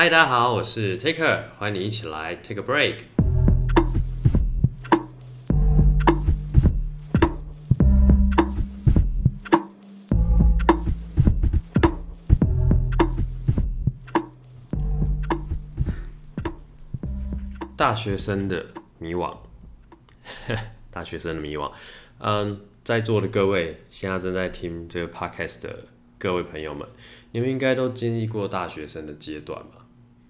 嗨，Hi, 大家好，我是 Taker，歡迎你一起來 Take a Break。大學生的迷惘， 大學生的迷惘。嗯、um，在座的各位現在正在聽這個 Podcast 的各位朋友們，你們應該都經歷過大學生的階段吧？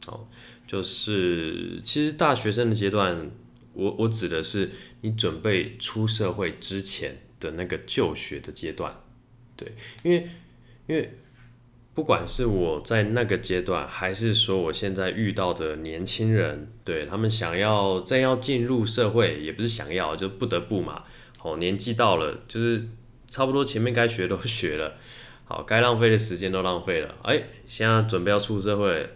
哦，就是其實大學生的階段，我我指的是你準備出社會之前的那個就學的階段，對，因為因為不管是我在那個階段，還是說我現在遇到的年輕人，對他們想要正要進入社會，也不是想要，就不得不嘛，哦，年紀到了，就是差不多前面該學都學了，好，該浪費的時間都浪費了，哎，現在準備要出社會。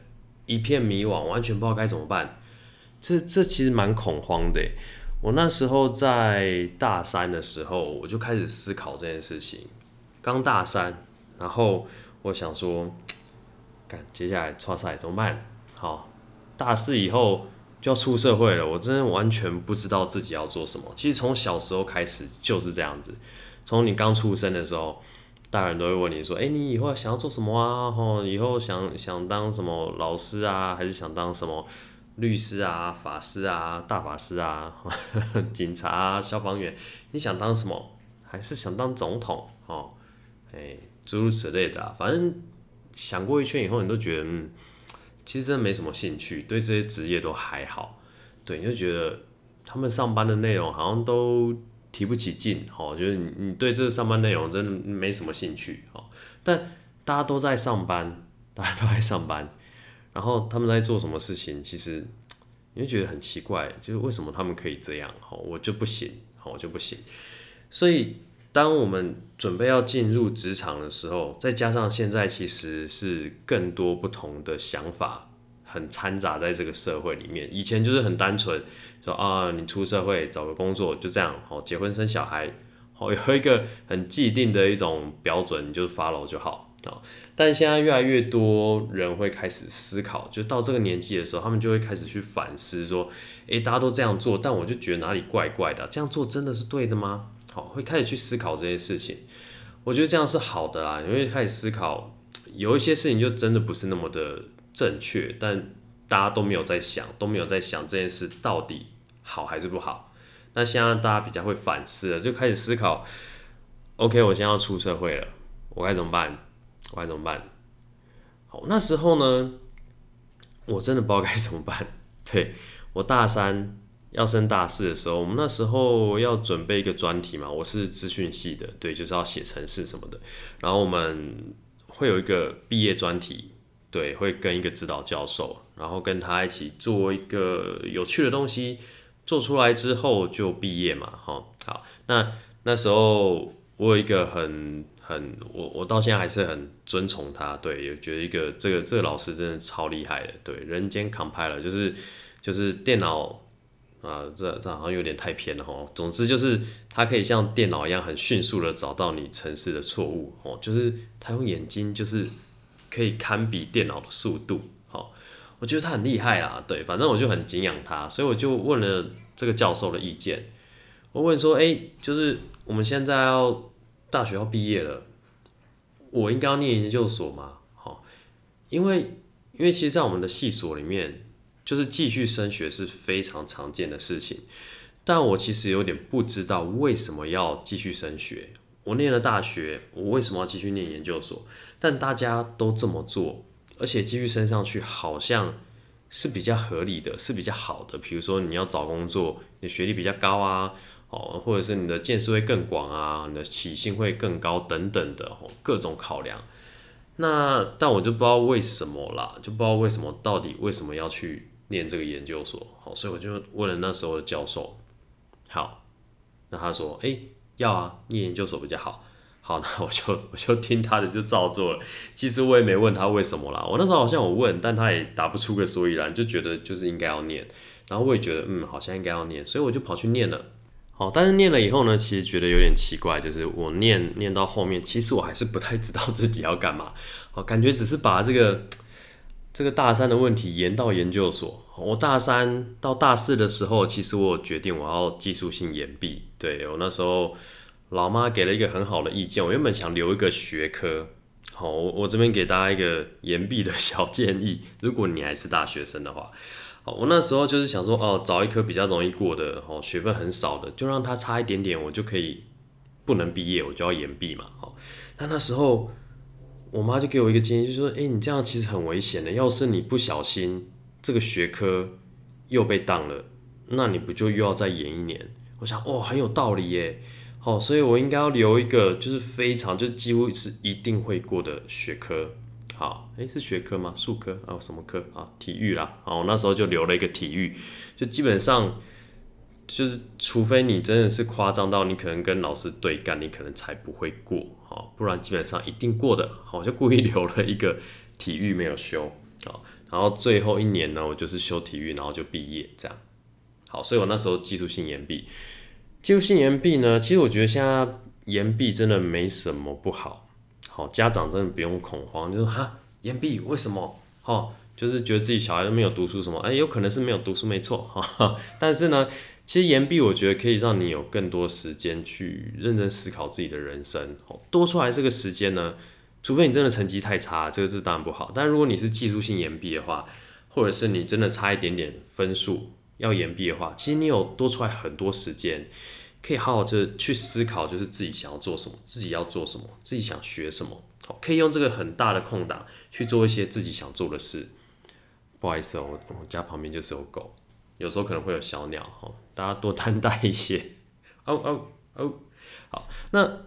一片迷惘，完全不知道該怎麼辦。這這其實蠻恐慌的。我那時候在大三的時候，我就開始思考這件事情。剛大三，然後我想說，接下來創業怎麼辦？好，大四以後就要出社會了，我真的完全不知道自己要做什麼。其實從小時候開始就是這樣子，從你剛出生的時候。大人都會問你說：“誒、欸，你以後想要做什麼啊？吼，以後想想當什麼老師啊，還是想當什麼律師啊、法師啊、大法師啊、呵呵警察啊、消防員？你想當什麼？還是想當總統？哦，誒，諸如此類的、啊。反正想過一圈以後，你都覺得、嗯，其實真的沒什麼興趣，對這些職業都還好。對，你就覺得他們上班的內容好像都……”提不起勁，吼，就是你，你對這個上班內容真的沒什麼興趣，吼，但大家都在上班，大家都在上班，然後他們在做什麼事情，其實你會覺得很奇怪，就是為什麼他們可以這樣，吼，我就不行，吼，我就不行。所以，當我們準備要進入職場的時候，再加上現在其實是更多不同的想法很摻雜在這個社會裡面，以前就是很單純。說啊，你出社會找個工作就這樣，好，結婚生小孩，好，有一個很既定的一種標準，你就 follow 就好啊。但現在越來越多人會開始思考，就到這個年紀的時候，他們就會開始去反思說，誒，大家都這樣做，但我就覺得哪裡怪怪的啊，這樣做真的是對的嗎？好，會開始去思考這些事情。我覺得這樣是好的啦，你會開始思考，有一些事情就真的不是那麼的正確，但。大家都沒有在想，都沒有在想這件事到底好還是不好。那現在大家比較會反思了，就開始思考：OK，我現在要出社會了，我該怎麼辦？我該怎麼辦？好，那時候呢，我真的不知道該怎麼辦。對，我大三要升大四的時候，我們那時候要準備一個專題嘛，我是資訊系的，對，就是要寫程式什麼的。然後我們會有一個畢業專題。對，會跟一個指導教授，然後跟他一起做一個有趣的東西，做出來之後就畢業嘛，哈、哦，好，那那時候我有一個很很，我我到現在還是很尊崇他，對，有覺得一個這個這個老師真的超厲害的，對，人間 compiler，就是就是電腦啊，這這好像有點太偏了哈、哦，總之就是他可以像電腦一樣很迅速的找到你程式的錯誤，哦，就是他用眼睛就是。可以堪比電腦的速度，好，我覺得他很厲害啦，對，反正我就很敬仰他，所以我就問了這個教授的意見，我問說，哎、欸，就是我們現在要大學要畢業了，我應該要念研究所嗎？好，因為因為其實，在我們的系所裡面，就是繼續升學是非常常見的事情，但我其實有點不知道為什麼要繼續升學。我念了大學，我為什麼要繼續念研究所？但大家都這麼做，而且繼續升上去，好像是比較合理的，是比較好的。比如說你要找工作，你學歷比較高啊，哦，或者是你的見識會更廣啊，你的起薪會更高等等的，各種考量。那但我就不知道為什麼啦，就不知道為什麼到底為什麼要去念這個研究所。好，所以我就問了那時候的教授。好，那他說，誒、欸。要啊，念研究所比較好。好，那我就我就聽他的，就照做了。其實我也沒問他為什麼啦。我那時候好像有問，但他也答不出個所以然，就覺得就是應該要念。然後我也覺得，嗯，好像應該要念，所以我就跑去念了。好，但是念了以後呢，其實覺得有點奇怪，就是我念念到後面，其實我還是不太知道自己要幹嘛。好，感覺只是把這個這個大三的問題延到研究所。我大三到大四的時候，其實我有決定我要技術性延畢。對，我那時候老媽給了一個很好的意見。我原本想留一個學科，好，我我這邊給大家一個延畢的小建議。如果你還是大學生的話，好，我那時候就是想說，哦，找一科比較容易過的，哦，學分很少的，就讓它差一點點，我就可以不能畢業，我就要延畢嘛。好，那那時候我媽就給我一個建議，就說，誒、欸，你這樣其實很危險的，要是你不小心。這個學科又被當了，那你不就又要再延一年？我想，哦，很有道理耶。好，所以我應該要留一個，就是非常，就幾乎是一定會過的學科。好，誒，是學科嗎？術科還有、哦、什麼科啊？體育啦。哦，那時候就留了一個體育，就基本上就是，除非你真的是誇張到你可能跟老師對幹，你可能才不會過。好，不然基本上一定過的。好，就故意留了一個體育沒有修。好。然後最後一年呢，我就是修體育，然後就畢業這樣。好，所以我那時候技術性延畢。技術性延畢呢，其實我覺得現在延畢真的沒什麼不好。好，家長真的不用恐慌，就是哈延畢為什麼？哈、哦，就是覺得自己小孩都沒有讀書什麼，哎，有可能是沒有讀書，沒錯哈，哈。但是呢，其實延畢我覺得可以讓你有更多時間去認真思考自己的人生。好，多出來這個時間呢？除非你真的成績太差，這個是當然不好。但如果你是技術性延畢的話，或者是你真的差一點點分數要延畢的話，其實你有多出來很多時間，可以好好就是去思考，就是自己想要做什麼，自己要做什麼，自己想學什麼，好，可以用這個很大的空檔去做一些自己想做的事。不好意思哦，我家旁邊就是有狗，有時候可能會有小鳥哈，大家多擔待一些。哦哦哦，好，那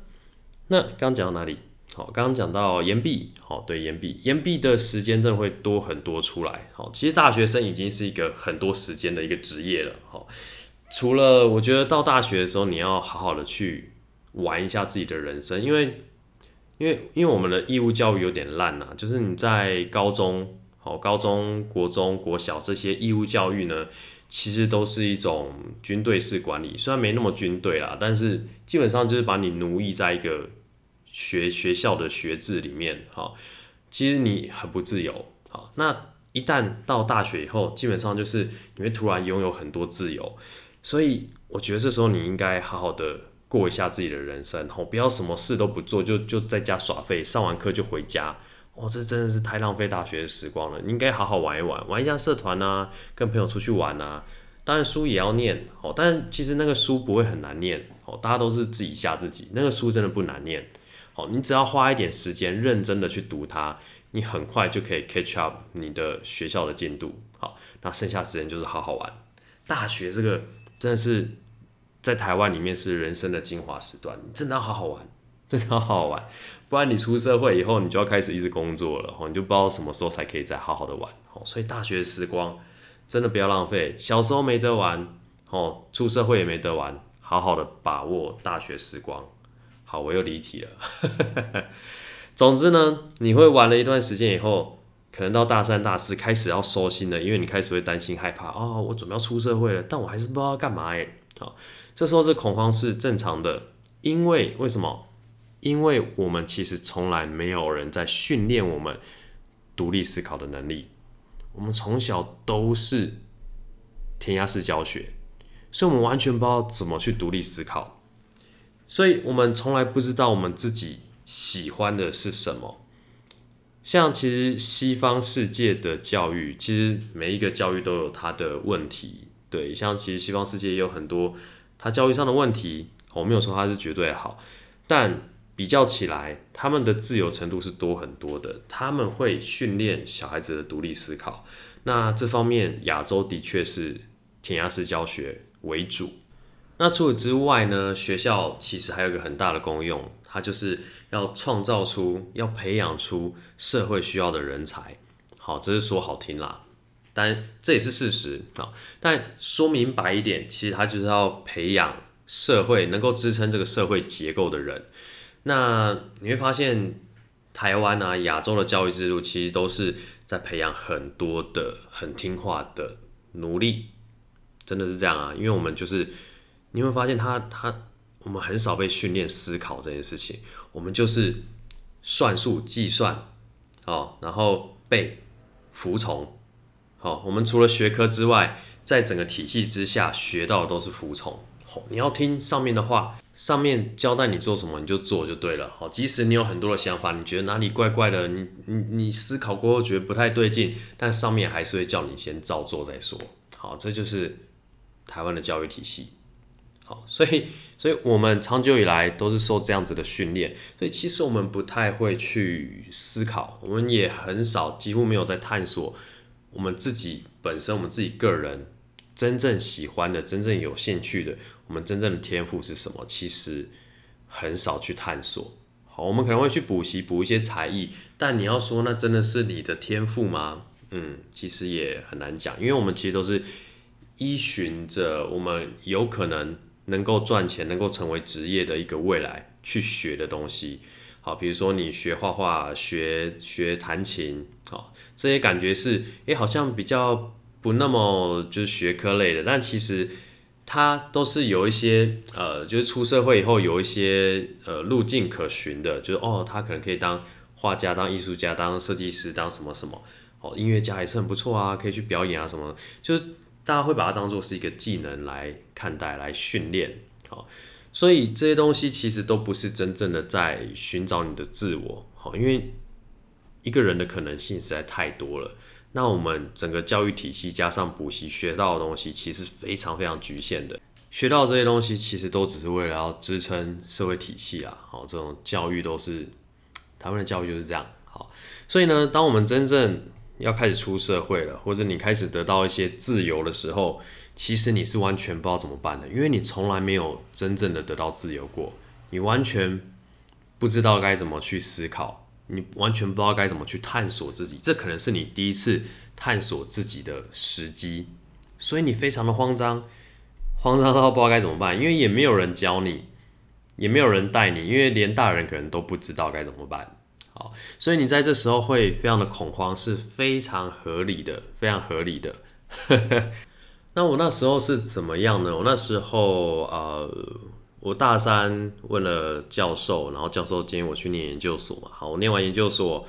那剛講到哪裡？好，剛剛講到延畢，好，對，延畢，延畢的時間真的會多很多出來。好，其實大學生已經是一個很多時間的一個職業了。好，除了我覺得到大學的時候，你要好好的去玩一下自己的人生，因為，因為，因為我們的義務教育有點爛吶，就是你在高中，好，高中、國中、國小這些義務教育呢，其實都是一種軍隊式管理，雖然沒那麼軍隊啦，但是基本上就是把你奴役在一個。學學校的學制裡面，哈，其實你很不自由，那一旦到大學以後，基本上就是你會突然擁有很多自由，所以我覺得這時候你應該好好的過一下自己的人生，哦，不要什麼事都不做，就就在家耍廢，上完課就回家，哦，這真的是太浪費大學的時光了。你應該好好玩一玩，玩一下社團啊，跟朋友出去玩吶、啊。當然書也要念，哦，但其實那個書不會很難念，哦，大家都是自己嚇自己，那個書真的不難念。哦，你只要花一點時間認真的去讀它，你很快就可以 catch up 你的學校的進度。好，那剩下時間就是好好玩。大學這個真的是在台灣裡面是人生的精華時段，真的要好好玩，真的要好好玩。不然你出社會以後，你就要開始一直工作了，哦，你就不知道什麼時候才可以再好好的玩。哦，所以大學時光真的不要浪費。小時候沒得玩，哦，出社會也沒得玩，好好的把握大學時光。好，我又離題了。 總之呢，你會玩了一段時間以後，可能到大三、大四開始要收心了，因為你開始會擔心、害怕啊、哦，我準備要出社會了，但我還是不知道要幹嘛耶。好，這時候這恐慌是正常的，因為為什麼？因為我們其實從來沒有人在訓練我們獨立思考的能力，我們從小都是填鴨式教學，所以我們完全不知道怎麼去獨立思考。所以，我們從來不知道我們自己喜歡的是什麼。像其實西方世界的教育，其實每一個教育都有它的問題。對，像其實西方世界也有很多它教育上的問題，我沒有說它是絕對好，但比較起來，他們的自由程度是多很多的。他們會訓練小孩子的獨立思考。那這方面，亞洲的確是填鴨式教學為主。那除此之外呢，學校其實還有一個很大的功用，它就是要創造出、要培養出社會需要的人才。好，這是說好聽啦，但這也是事實啊。但說明白一點，其實它就是要培養社會能夠支撐這個社會結構的人。那你會發現，台灣啊、亞洲的教育制度其實都是在培養很多的很聽話的奴隸，真的是這樣啊，因為我們就是。你會發現他，他他，我們很少被訓練思考這件事情。我們就是算術計算，哦，然後被服從。哦，我們除了學科之外，在整個體系之下學到的都是服從。哦，你要聽上面的話，上面交代你做什麼，你就做就對了。好，哦，即使你有很多的想法，你覺得哪裡怪怪的，你你你思考過後覺得不太對勁，但上面還是會叫你先照做再說。好，哦，這就是台灣的教育體系。好，所以，所以我們長久以來都是受這樣子的訓練，所以其實我們不太會去思考，我們也很少，幾乎沒有在探索我們自己本身，我們自己個人真正喜歡的、真正有興趣的，我們真正的天賦是什麼，其實很少去探索。好，我們可能會去補習，補一些才藝，但你要說那真的是你的天賦嗎？嗯，其實也很難講，因為我們其實都是依循着我們有可能。能夠賺錢、能夠成為職業的一個未來去學的東西，好，比如說你學畫畫、學學彈琴，好，這些感覺是，誒、欸，好像比較不那麼就是學科類的，但其實他都是有一些，呃，就是出社會以後有一些呃路徑可循的，就是哦，他可能可以當畫家、當藝術家、當設計師、當什麼什麼，哦，音樂家也是很不錯啊，可以去表演啊什麼，就是。大家會把它當作是一個技能來看待，來訓練，好，所以這些東西其實都不是真正的在尋找你的自我，好，因為一個人的可能性實在太多了。那我們整個教育體系加上補習學到的東西，其實是非常非常局限的，學到的這些東西其實都只是為了要支撐社會體系啊，好，這種教育都是台灣的教育就是這樣，好，所以呢，當我們真正要開始出社會了，或者你開始得到一些自由的時候，其實你是完全不知道怎麼辦的，因為你從來沒有真正的得到自由過，你完全不知道該怎麼去思考，你完全不知道該怎麼去探索自己，這可能是你第一次探索自己的時機，所以你非常的慌張，慌張到不知道該怎麼辦，因為也沒有人教你，也沒有人帶你，因為連大人可能都不知道該怎麼辦。好，所以你在這時候會非常的恐慌，是非常合理的，非常合理的。 那我那時候是怎麼樣呢？我那時候呃……我大三問了教授，然後教授建議我去念研究所嘛。好，我念完研究所，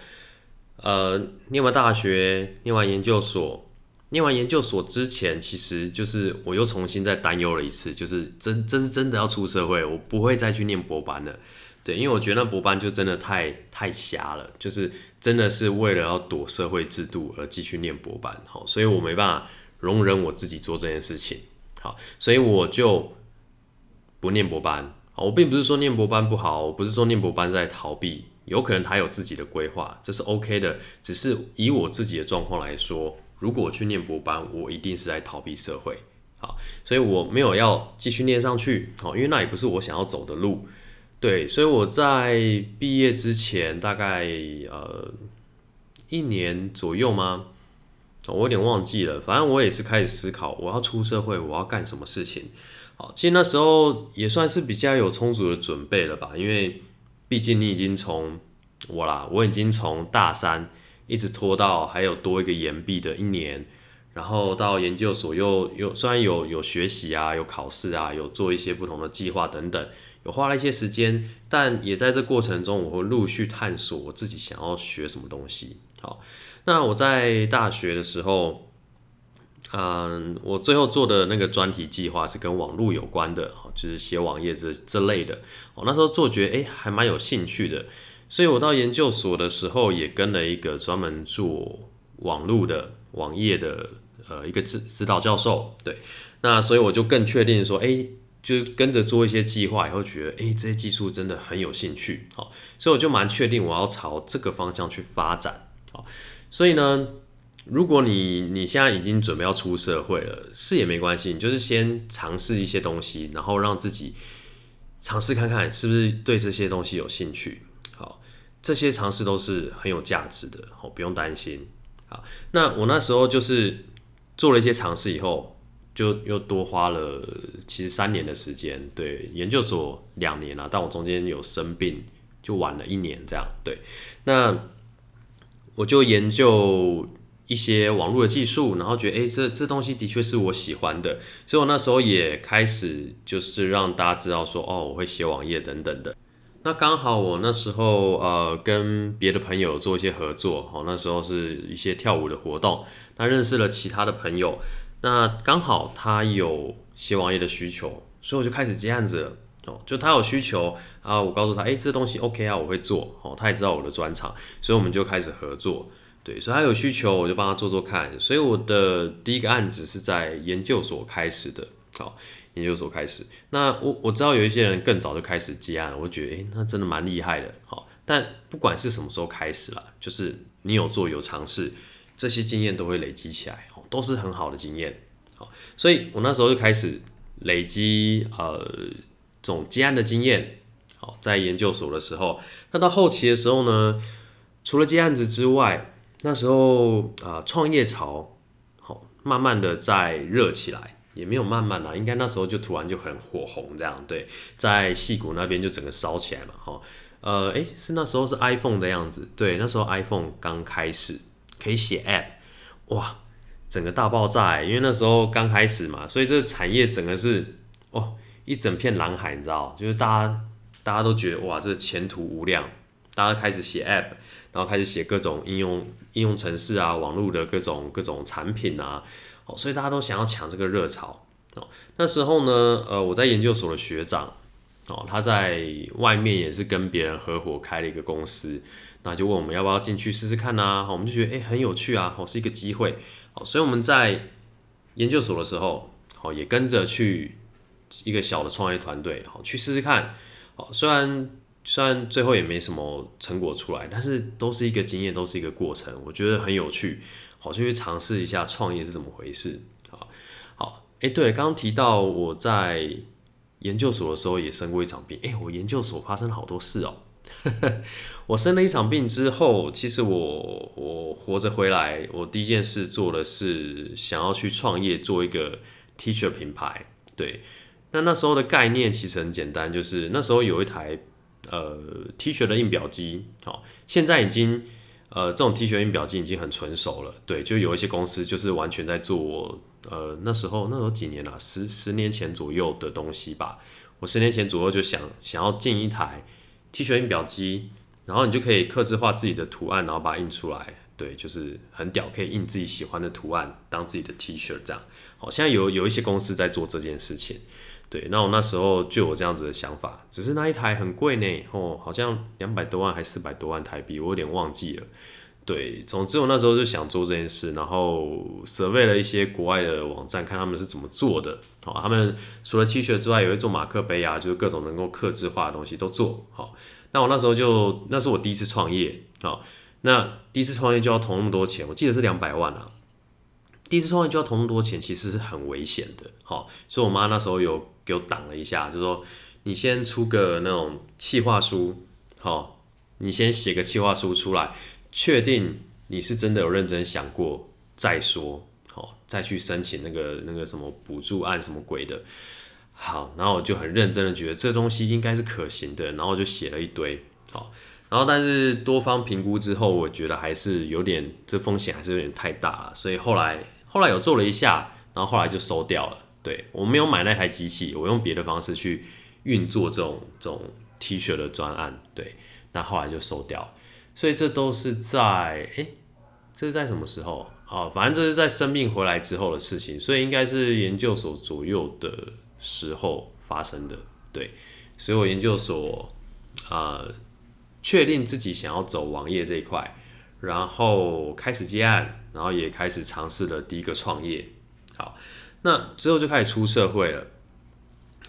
呃，念完大學，念完研究所，念完研究所之前，其實就是我又重新再擔憂了一次，就是真這是真的要出社會，我不會再去念博班了。對，因為我覺得那博班就真的太太瞎了，就是真的是為了要躲社會制度而繼續念博班，好，所以我沒辦法容忍我自己做這件事情，好，所以我就不念博班。好，我並不是說念博班不好，我不是說念博班在逃避，有可能他有自己的規劃，這是 OK 的。只是以我自己的狀況來說，如果我去念博班，我一定是在逃避社會，好，所以我沒有要繼續念上去，好，因為那也不是我想要走的路。對，所以我在畢業之前大概呃一年左右嗎？哦，我有點忘記了，反正我也是開始思考我要出社會，我要幹什麼事情。好，哦，其實那時候也算是比較有充足的準備了吧，因為畢竟你已經從我啦，我已經從大三一直拖到還有多一個延畢的一年，然後到研究所又又雖然有有學習啊，有考試啊，有做一些不同的計劃等等。我花了一些時間，但也在這過程中，我會陸續探索我自己想要學什麼東西。好，那我在大學的時候，嗯，我最後做的那個專題計劃是跟網絡有關的，就是寫網頁這這類的。我那時候做覺得，欸，還蠻有興趣的。所以我到研究所的時候，也跟了一個專門做網絡的網頁的呃一個指指導教授。對，那所以我就更確定說，欸，就是跟着做一些計劃以後，覺得哎、欸，這些技術真的很有興趣，好，所以我就蠻確定我要朝這個方向去發展，好，所以呢，如果你你現在已經準備要出社會了，是也沒關係，你就是先嘗試一些東西，然後讓自己嘗試看看是不是對這些東西有興趣，好，這些嘗試都是很有價值的，好，不用擔心，好，那我那時候就是做了一些嘗試以後。就又多花了其實三年的時間，對，研究所兩年了啊，但我中間有生病，就晚了一年這樣。對，那我就研究一些網絡的技術，然後覺得哎，這這東西的確是我喜歡的，所以我那時候也開始就是讓大家知道說哦，我會寫網頁等等的。那剛好我那時候呃跟別的朋友做一些合作，哦那時候是一些跳舞的活動，那認識了其他的朋友。那剛好他有寫網頁的需求，所以我就開始接案子了哦。就他有需求啊，然後我告訴他，哎、欸，這個東西 OK 啊，我會做哦。他也知道我的專長，所以我們就開始合作。對，所以他有需求，我就幫他做做看。所以我的第一個案子是在研究所開始的，好，研究所開始。那我我知道有一些人更早就開始接案了，我覺得，哎、欸，那真的蠻厲害的，好。但不管是什麼時候開始啦，就是你有做有嘗試。這些經驗都會累積起來，哦，都是很好的經驗，好，所以我那時候就開始累積呃這種接案的經驗，好，在研究所的時候，那到後期的時候呢，除了接案子之外，那時候啊創、呃、業潮，好，慢慢的在熱起來，也沒有慢慢啦，應該那時候就突然就很火紅這樣，對，在矽谷那邊就整個燒起來了哈，呃，誒、欸、是那時候是 iPhone 的樣子，對，那時候 iPhone 剛開始。可以寫 App，哇，整個大爆炸，因為那時候剛開始嘛，所以這個產業整個是哦一整片藍海，你知道，就是大家大家都覺得哇這前途無量，大家開始寫 App，然後開始寫各種應用應用程式啊，網絡的各種各種產品啊，哦，所以大家都想要搶這個熱潮。哦，那時候呢，呃，我在研究所的學長，哦，他在外面也是跟別人合夥開了一個公司。那就問我們要不要進去試試看吶、啊？我們就覺得哎、欸、很有趣啊，好，是一個機會，好，所以我們在研究所的時候，好也跟着去一個小的創業團隊，好去試試看。好，雖然雖然最後也沒什麼成果出來，但是都是一個經驗，都是一個過程，我覺得很有趣，好就去嘗試一下創業是怎麼回事。好，哎、欸、對了，剛剛提到我在研究所的時候也生過一場病，哎、欸，我研究所發生好多事哦。呵呵我生了一場病之後，其實我我活着回來，我第一件事做的是想要去創業，做一個 T-shirt 品牌。對，那那時候的概念其實很簡單，就是那時候有一台呃 T-shirt 的印表機。好，現在已經呃這種 T-shirt 印表機已經很成熟了。對，就有一些公司就是完全在做我呃那時候那時候幾年啦、啊，十十年前左右的東西吧。我十年前左右就想想要進一台 T-shirt 印表機。然後你就可以客製化自己的圖案，然後把它印出來。對，就是很屌，可以印自己喜歡的圖案當自己的 T 恤這樣。好，現在有，有一些公司在做這件事情。對，那我那時候就有這樣子的想法，只是那一台很貴呢，哦，好像兩百多萬還是四百多萬台幣，我有點忘記了。對，總之我那時候就想做這件事，然後 survey 了一些國外的網站看他們是怎麼做的。好，他們除了 T 恤之外，也會做馬克杯啊，就是各種能夠客製化的東西都做。好。那我那時候就，那是我第一次創業，好，那第一次創業就要投那麼多錢，我記得是兩百萬啊。第一次創業就要投那麼多錢，其實是很危險的，好，所以我媽那時候有給我擋了一下，就說你先出個那種企劃書，好，你先寫個企劃書出來，確定你是真的有認真想過再說，好，再去申請那個那個什麼補助案什麼鬼的。好，然後我就很認真的覺得這東西應該是可行的，然後就寫了一堆。好，然後但是多方評估之後，我覺得還是有點這風險還是有點太大，所以後來後來有做了一下，然後後來就收掉了。對，我沒有買那台機器，我用別的方式去運作這種這種 T 恤的專案。對，那後來就收掉。所以這都是在誒、欸，這是在什麼時候？哦，反正這是在生病回來之後的事情，所以應該是研究所左右的。時候發生的，對，所以我研究所啊，呃、確定自己想要走網頁這一塊，然後開始接案，然後也開始嘗試了第一個創業。好，那之後就開始出社會了。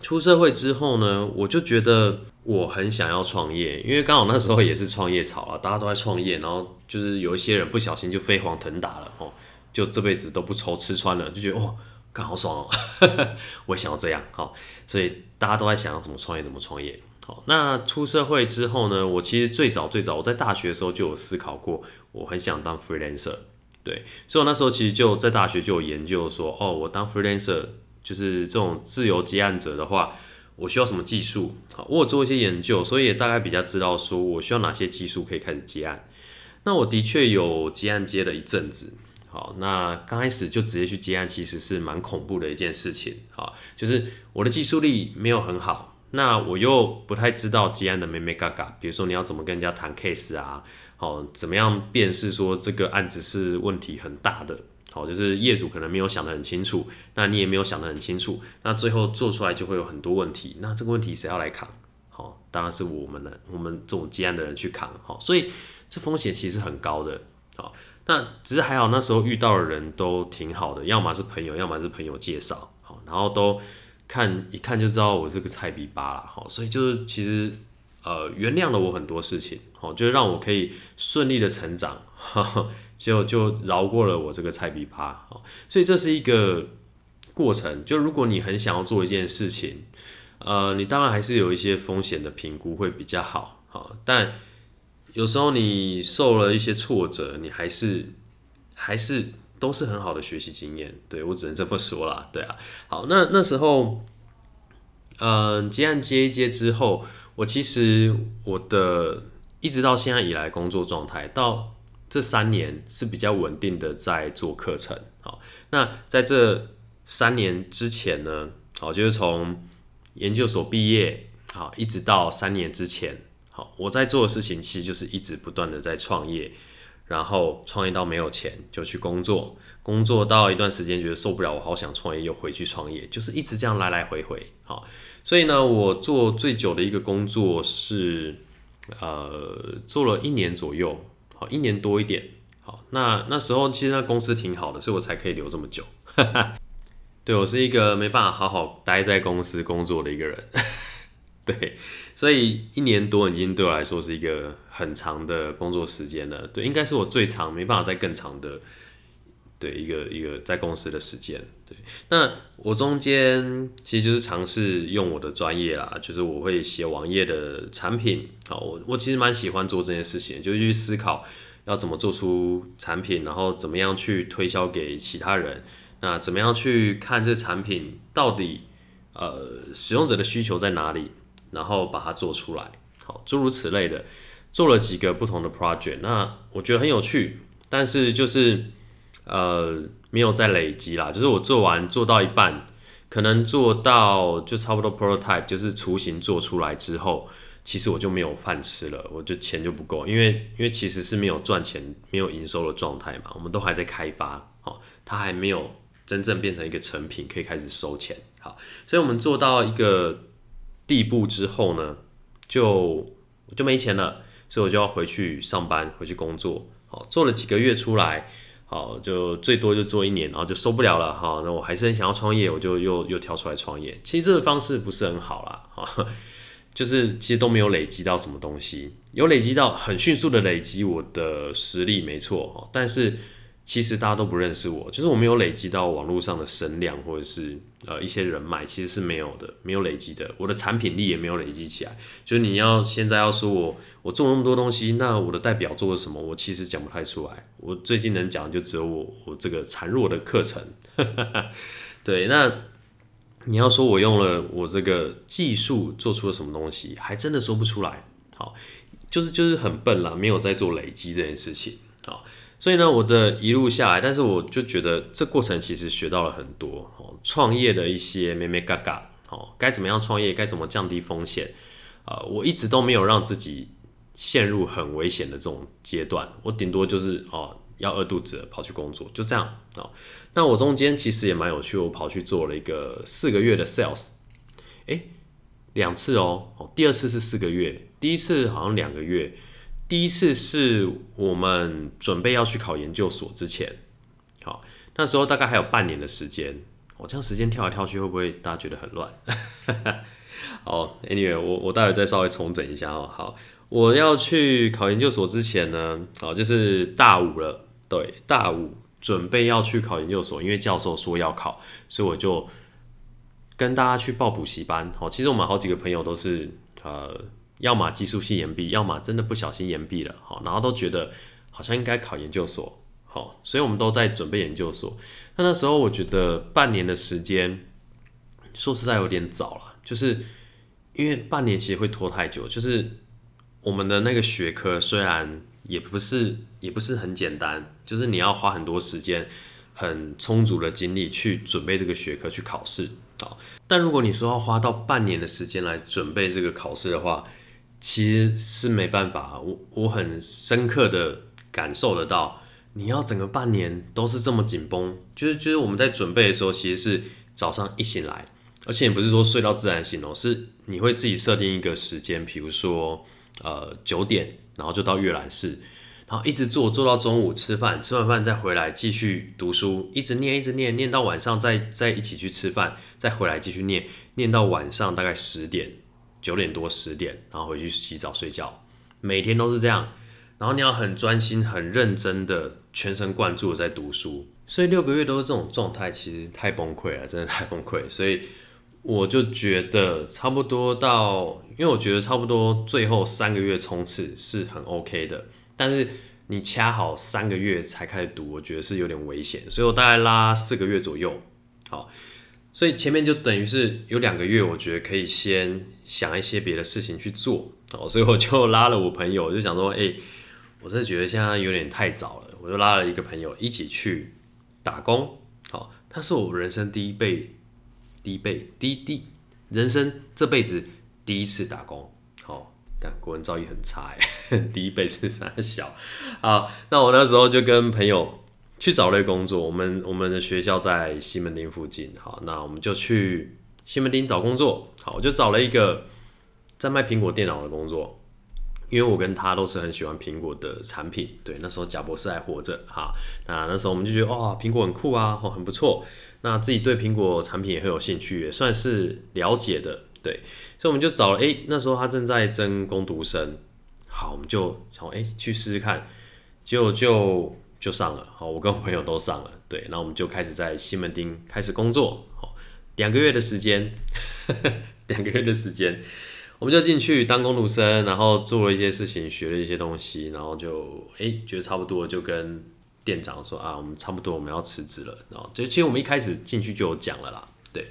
出社會之後呢，我就覺得我很想要創業，因為剛好那時候也是創業潮啊，大家都在創業，然後就是有一些人不小心就飛黃騰達了哦、喔，就這輩子都不愁吃穿了，就覺得哦。哇好爽哦， 我也想要這樣。好，所以大家都在想要怎麼創業，怎麼創業。好，那出社會之後呢？我其實最早最早，我在大學的時候就有思考過，我很想當 freelancer。對，所以我那時候其實就在大學就有研究說，哦，我當 freelancer 就是這種自由接案者的話，我需要什麼技術？好，我有做一些研究，所以也大概比較知道說我需要哪些技術可以開始接案。那我的確有接案接了一陣子。好，那剛開始就直接去接案，其實是蠻恐怖的一件事情。好，就是我的技術力沒有很好，那我又不太知道接案的眉眉角角。比如說你要怎麼跟人家談 case 啊？好，怎麼樣辨識說這個案子是問題很大的？好，就是業主可能沒有想得很清楚，那你也沒有想得很清楚，那最後做出來就會有很多問題。那這個問題誰要來扛？好，當然是我們的我們這種接案的人去扛。好，所以這風險其實很高的。好。那只是還好，那時候遇到的人都挺好的，要麼是朋友，要麼是朋友介紹，好，然後都看一看就知道我這個菜逼巴啦，所以就是其實呃原諒了我很多事情，好，就讓我可以順利的成長，就就饒過了我這個菜逼巴，所以這是一個過程，就如果你很想要做一件事情，呃，你當然還是有一些風險的評估會比較好，好，但。有時候你受了一些挫折，你還是還是都是很好的學習經驗，對，我只能這麼說啦。對啊，好，那那時候，嗯、呃，接案接一接之後，我其實我的一直到現在以來工作狀態，到這三年是比較穩定的在做課程。好，那在這三年之前呢，好，就是從研究所畢業，好，一直到三年之前。好，我在做的事情其實就是一直不斷的在創業，然後創業到沒有錢就去工作，工作到一段時間覺得受不了，我好想創業又回去創業，就是一直這樣來來回回。好，所以呢，我做最久的一個工作是，呃，做了一年左右，好，一年多一點。好，那那時候其實那公司挺好的，所以我才可以留這麼久。哈哈，對，我是一個沒辦法好好待在公司工作的一個人。呵呵對。所以一年多已經對我來說是一個很長的工作時間了，對，應該是我最長，沒辦法再更長的，對，一個一個在公司的時間，對。那我中間其實就是嘗試用我的專業啦，就是我會寫網頁的產品，啊，我我其實蠻喜歡做這件事情，就去思考要怎麼做出產品，然後怎麼樣去推銷給其他人，那怎麼樣去看這產品到底，呃，使用者的需求在哪裡？然後把它做出來，好，諸如此類的，做了幾個不同的 project，那我覺得很有趣，但是就是呃沒有在累積啦，就是我做完做到一半，可能做到就差不多 prototype，就是雛形做出來之後，其實我就沒有飯吃了，我就錢就不夠，因為因為其實是沒有賺錢，沒有營收的狀態嘛，我們都還在開發，好，哦，它還沒有真正變成一個成品可以開始收錢，好，所以我們做到一個地步之後呢，就就沒錢了，所以我就要回去上班，回去工作。好，做了幾個月出來，好，就最多就做一年，然後就受不了了哈。那我還是很想要創業，我就又又跳出來創業。其實這個方式不是很好啦，哈，就是其實都沒有累積到什麼東西，有累積到很迅速的累積我的實力，沒錯，但是。其實大家都不認識我，就是我沒有累積到網絡上的聲量，或者是呃一些人脈，其實是沒有的，沒有累積的。我的產品力也沒有累積起來。就是你要現在要說我我做了那麼多東西，那我的代表做了什麼？我其實講不太出來。我最近能講就只有我我這個孱弱的課程。 對，那你要說我用了我這個技術做出了什麼東西，還真的說不出來。好，就是就是很笨啦，沒有在做累積這件事情。好。所以呢，我的一路下來，但是我就覺得這過程其實學到了很多哦，創業的一些眉眉角角，哦，該怎麼樣創業，該怎麼降低風險，啊、呃，我一直都沒有讓自己陷入很危險的這種階段，我頂多就是哦，要餓肚子跑去工作，就這樣哦。那我中間其實也蠻有趣，我跑去做了一個四個月的 sales，哎、欸，兩次哦，哦，第二次是四個月，第一次好像兩個月。第一次是我們準備要去考研究所之前，好，那時候大概還有半年的時間，我、喔、這樣時間跳來跳去會不會大家覺得很亂？ 好，Anyway，我我待會再稍微重整一下哦。好，我要去考研究所之前呢，好，就是大五了，對，大五準備要去考研究所，因為教授說要考，所以我就跟大家去報補習班。好，其實我們好幾個朋友都是呃。要麼技術性延畢，要麼真的不小心延畢了，好，然後都覺得好像應該考研究所，好，所以我們都在準備研究所。那那時候我覺得半年的時間，說實在有點早了，就是因為半年其實會拖太久，就是我們的那個學科雖然也不是也不是很簡單，就是你要花很多時間、很充足的精力去準備這個學科去考試，好，但如果你說要花到半年的時間來準備這個考試的話，其實是沒辦法，我我很深刻的感受得到，你要整個半年都是這麼緊繃，就是就是我們在準備的時候，其實是早上一醒來，而且也不是說睡到自然醒哦，是你會自己設定一個時間，比如說呃九點，然後就到閱覽室，然後一直做做到中午吃飯，吃完飯再回來繼續讀書，一直念一直念念到晚上再再一起去吃飯，再回來繼續念念到晚上大概十點。九點多十點，然後回去洗澡睡覺，每天都是這樣。然後你要很專心、很認真的、全神貫注的在讀書，所以六個月都是這種狀態，其實太崩潰了，真的太崩潰。所以我就覺得差不多到，因為我覺得差不多最後三個月衝刺是很 OK 的，但是你掐好三個月才開始讀，我覺得是有點危險。所以我大概拉四個月左右，好。所以前面就等於是有兩個月，我覺得可以先想一些別的事情去做哦，所以我就拉了我朋友，我就想說，哎、欸，我真的覺得現在有點太早了，我就拉了一個朋友一起去打工，哦，他是我人生第一輩，第一輩，第一第一，人生這輩子第一次打工，哦，但國文造詣很差，哎、欸，第一輩是三小，啊，那我那時候就跟朋友。去找了一個工作，我們我們的學校在西門町附近，好，那我們就去西門町找工作，好，我就找了一個在賣蘋果電腦的工作，因為我跟他都是很喜歡蘋果的產品，對，那時候賈伯斯還活着，哈，那那時候我們就覺得哇、哦，蘋果很酷啊，哦，很不錯，那自己對蘋果產品也很有興趣，也算是了解的，對，所以我們就找了，誒，那時候他正在徵工讀生，好，我們就想，誒去試試看，結果就。就上了，好，我跟我朋友都上了，對，那我們就開始在西門町開始工作，好，兩個月的時間，兩個月的時間，我們就進去當工讀生，然後做了一些事情，學了一些東西，然後就哎覺得差不多，就跟店長說啊，我們差不多我們要辭職了，然後這其實我們一開始進去就有講了啦，對，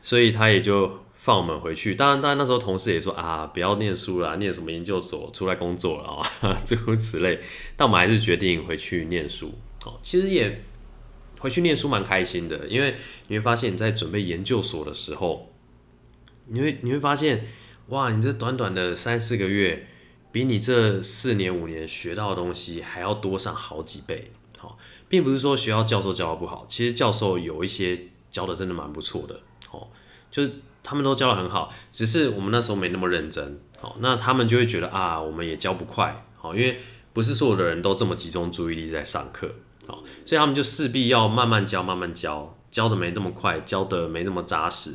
所以他也就。放我們回去，當然，當然那時候同事也說啊，不要念書了、啊，念什麼研究所，出來工作了啊、喔，諸如此類。但我們還是決定回去念書。好、喔，其實也回去念書蠻開心的，因為你會發現，你在準備研究所的時候，你會你會發現，哇，你這短短的三四個月，比你這四年五年學到的東西還要多上好幾倍。好、喔，並不是說學校教授教得不好，其實教授有一些教得真的蠻不錯的。好、喔，就是。他們都教得很好，只是我們那時候沒那麼認真，好，那他們就會覺得啊，我們也教不快，好，因為不是所有的人都這麼集中注意力在上課，好，所以他們就勢必要慢慢教，慢慢教，教的沒那麼快，教的沒那麼紮實，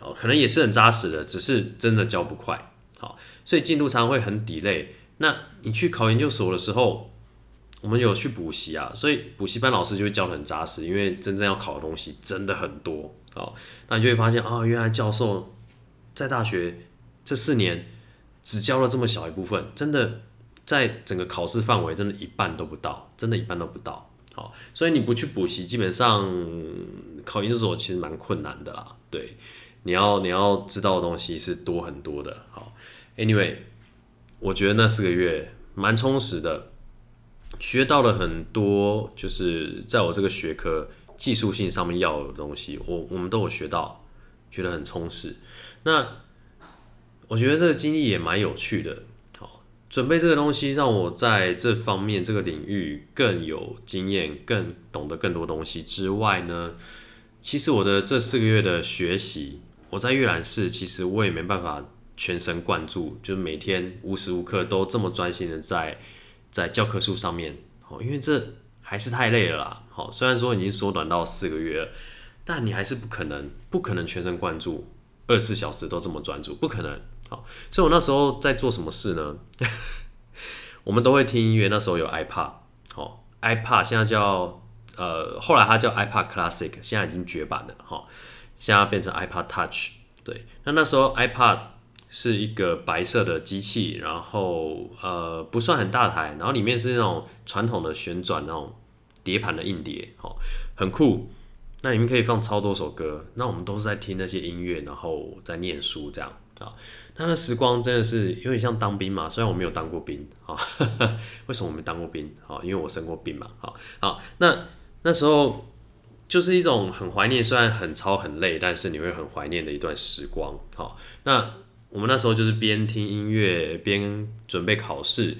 哦，可能也是很紮實的，只是真的教不快，好，所以進度常會很 delay。那你去考研究所的時候，我們有去補習啊，所以補習班老師就會教的很紮實，因為真正要考的東西真的很多。好，那你就會發現啊、哦，原來教授在大學這四年只教了這麼小一部分，真的在整個考試範圍，真的，一半都不到，真的一半都不到。好，所以你不去補習，基本上考研所，其實蠻困難的啦。對，你要你要知道的東西是多很多的。好，Anyway，我覺得那四個月蠻充實的，學到了很多，就是在我這個學科。技術性上面要的東西，我我們都有學到，覺得很充實。那我覺得這個經歷也蠻有趣的。好，準備這個東西，讓我在這方面這個領域更有經驗，更懂得更多東西之外呢，其實我的這四個月的學習，我在閱覽室，其實我也沒辦法全神貫注，就是每天無時無刻都這麼專心的在在教科書上面，哦，因為這還是太累了啦。好，雖然說已經縮短到四個月了，但你還是不可能，不可能全神貫注二十四小時都這麼專注，不可能。好，所以我那時候在做什麼事呢？ 我們都會聽音樂，那時候有 iPod，好，iPod 現在叫呃，後來它叫 iPod Classic，現在已經絕版了好，現在變成 iPod Touch。對，那那時候 iPod 是一個白色的機器，然後呃不算很大台，然後裡面是那種傳統的旋轉那種。碟盤的硬碟，好，很酷。那裡面可以放超多首歌。那我們都是在聽那些音樂，然後在唸書這樣啊。那，那時光真的是有點像當兵嘛。雖然我沒有當過兵啊，為什麼我沒當過兵啊？因為我生過病嘛。好，好，那那時候就是一種很懷念，雖然很操很累，但是你會很懷念的一段時光。好，那我們那時候就是邊聽音樂邊準備考試。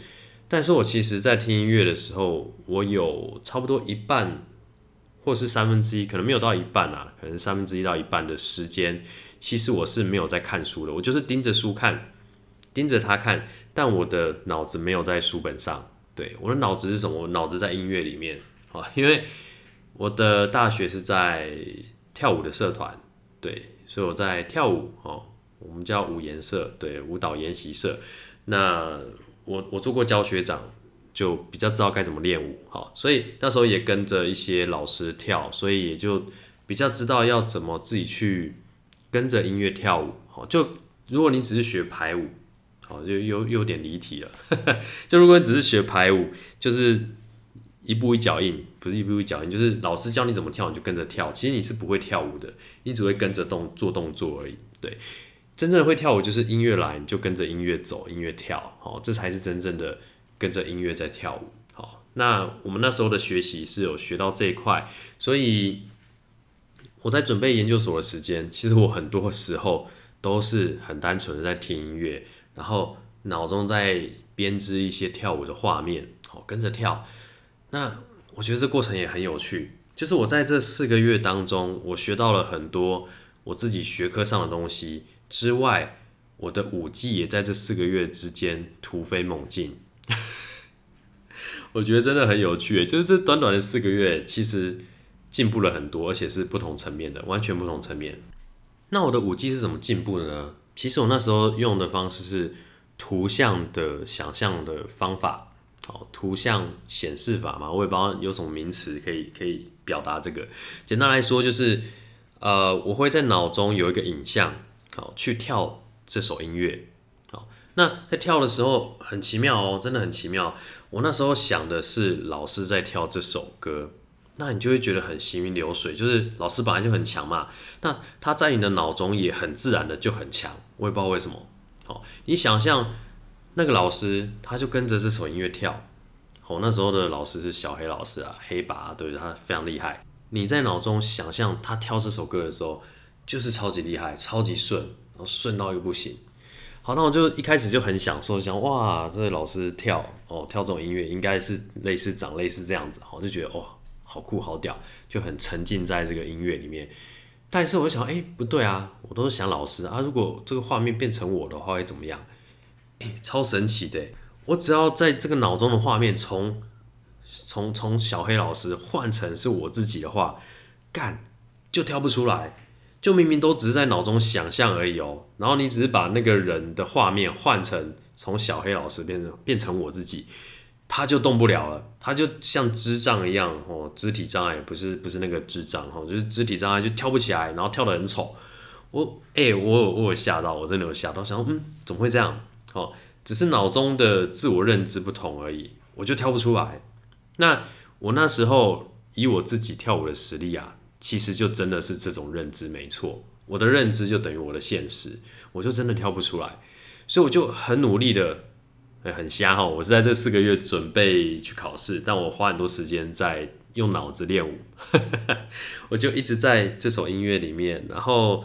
但是我其實，在聽音樂的時候，我有差不多一半，或是三分之一，可能沒有到一半啊，可能三分之一到一半的時間，其實我是沒有在看書的，我就是盯着書看，盯着它看，但我的腦子沒有在書本上，對，我的腦子是什麼？我腦子在音樂裡面，啊，因為我的大學是在跳舞的社團，對，所以我在跳舞，哦，我們叫舞研社，對，舞蹈研習社，那。我我做過教學長，就比較知道該怎麼練舞，哈，所以那時候也跟着一些老師跳，所以也就比較知道要怎麼自己去跟着音樂跳舞，好。就如果你只是學排舞，好，就又又有點離題了。 就如果你只是學排舞，就是一步一腳印，不是一步一腳印，就是老師教你怎麼跳，你就跟着跳。其實你是不會跳舞的，你只會跟着動做動作而已，對。真正的會跳舞就是音樂來，你就跟着音樂走，音樂跳，好，這才是真正的跟着音樂在跳舞。好，那我們那時候的學習是有學到這一塊，所以我在準備研究所的時間，其實我很多時候都是很單純的在聽音樂，然後腦中在編織一些跳舞的畫面，好，跟着跳。那我覺得這過程也很有趣，就是我在這四個月當中，我學到了很多我自己學科上的東西。之外，我的五 G 也在這四個月之間突飛猛進， 我覺得真的很有趣，就是這短短的四個月，其實進步了很多，而且是不同層面的，完全不同層面。那我的五 G 是怎麼進步的呢？其實我那時候用的方式是圖像的想象的方法，哦，圖像顯示法嘛，我也不知道有什麼名詞可以可以表達這個。簡單來說，就是呃，我會在腦中有一個影像。去跳這首音樂。好，那在跳的時候很奇妙哦，真的很奇妙。我那時候想的是老師在跳這首歌，那你就會覺得很行雲流水，就是老師本來就很強嘛。那他在你的腦中也很自然的就很強，我也不知道為什麼。好，你想象那個老師，他就跟着這首音樂跳。我那時候的老師是小黑老師啊，黑拔啊，對，他非常厲害。你在腦中想象他跳這首歌的時候。就是超級厲害，超級順，然後順到又不行。好，那我就一開始就很享受，想哇，這位、個、老師跳，哦，跳這種音樂應該是類似長類似這樣子，我就覺得哇、哦，好酷好屌，就很沉浸在這個音樂裡面。但是我就想，誒、欸，不對啊，我都是想老師啊，如果這個畫面變成我的話會怎麼樣？誒、欸，超神奇的，我只要在這個腦中的畫面從從從小黑老師換成是我自己的話，幹就跳不出來。就明明都只是在腦中想象而已哦，然後你只是把那個人的畫面換成從小黑老師變成變成我自己，他就動不了了，他就像智障一樣哦，肢體障礙不是不是那個智障哦，就是肢體障礙就跳不起來，然後跳得很醜。我誒，我我嚇到，我真的有嚇到，想說嗯，怎麼會這樣？哦，只是腦中的自我認知不同而已，我就跳不出來。那我那時候以我自己跳舞的實力啊。其實就真的是這種認知，沒錯，我的認知就等於我的現實，我就真的跳不出來，所以我就很努力的，欸、很瞎哈、喔，我是在這四個月準備去考試，但我花很多時間在用腦子練舞。 我就一直在這首音樂裡面，然後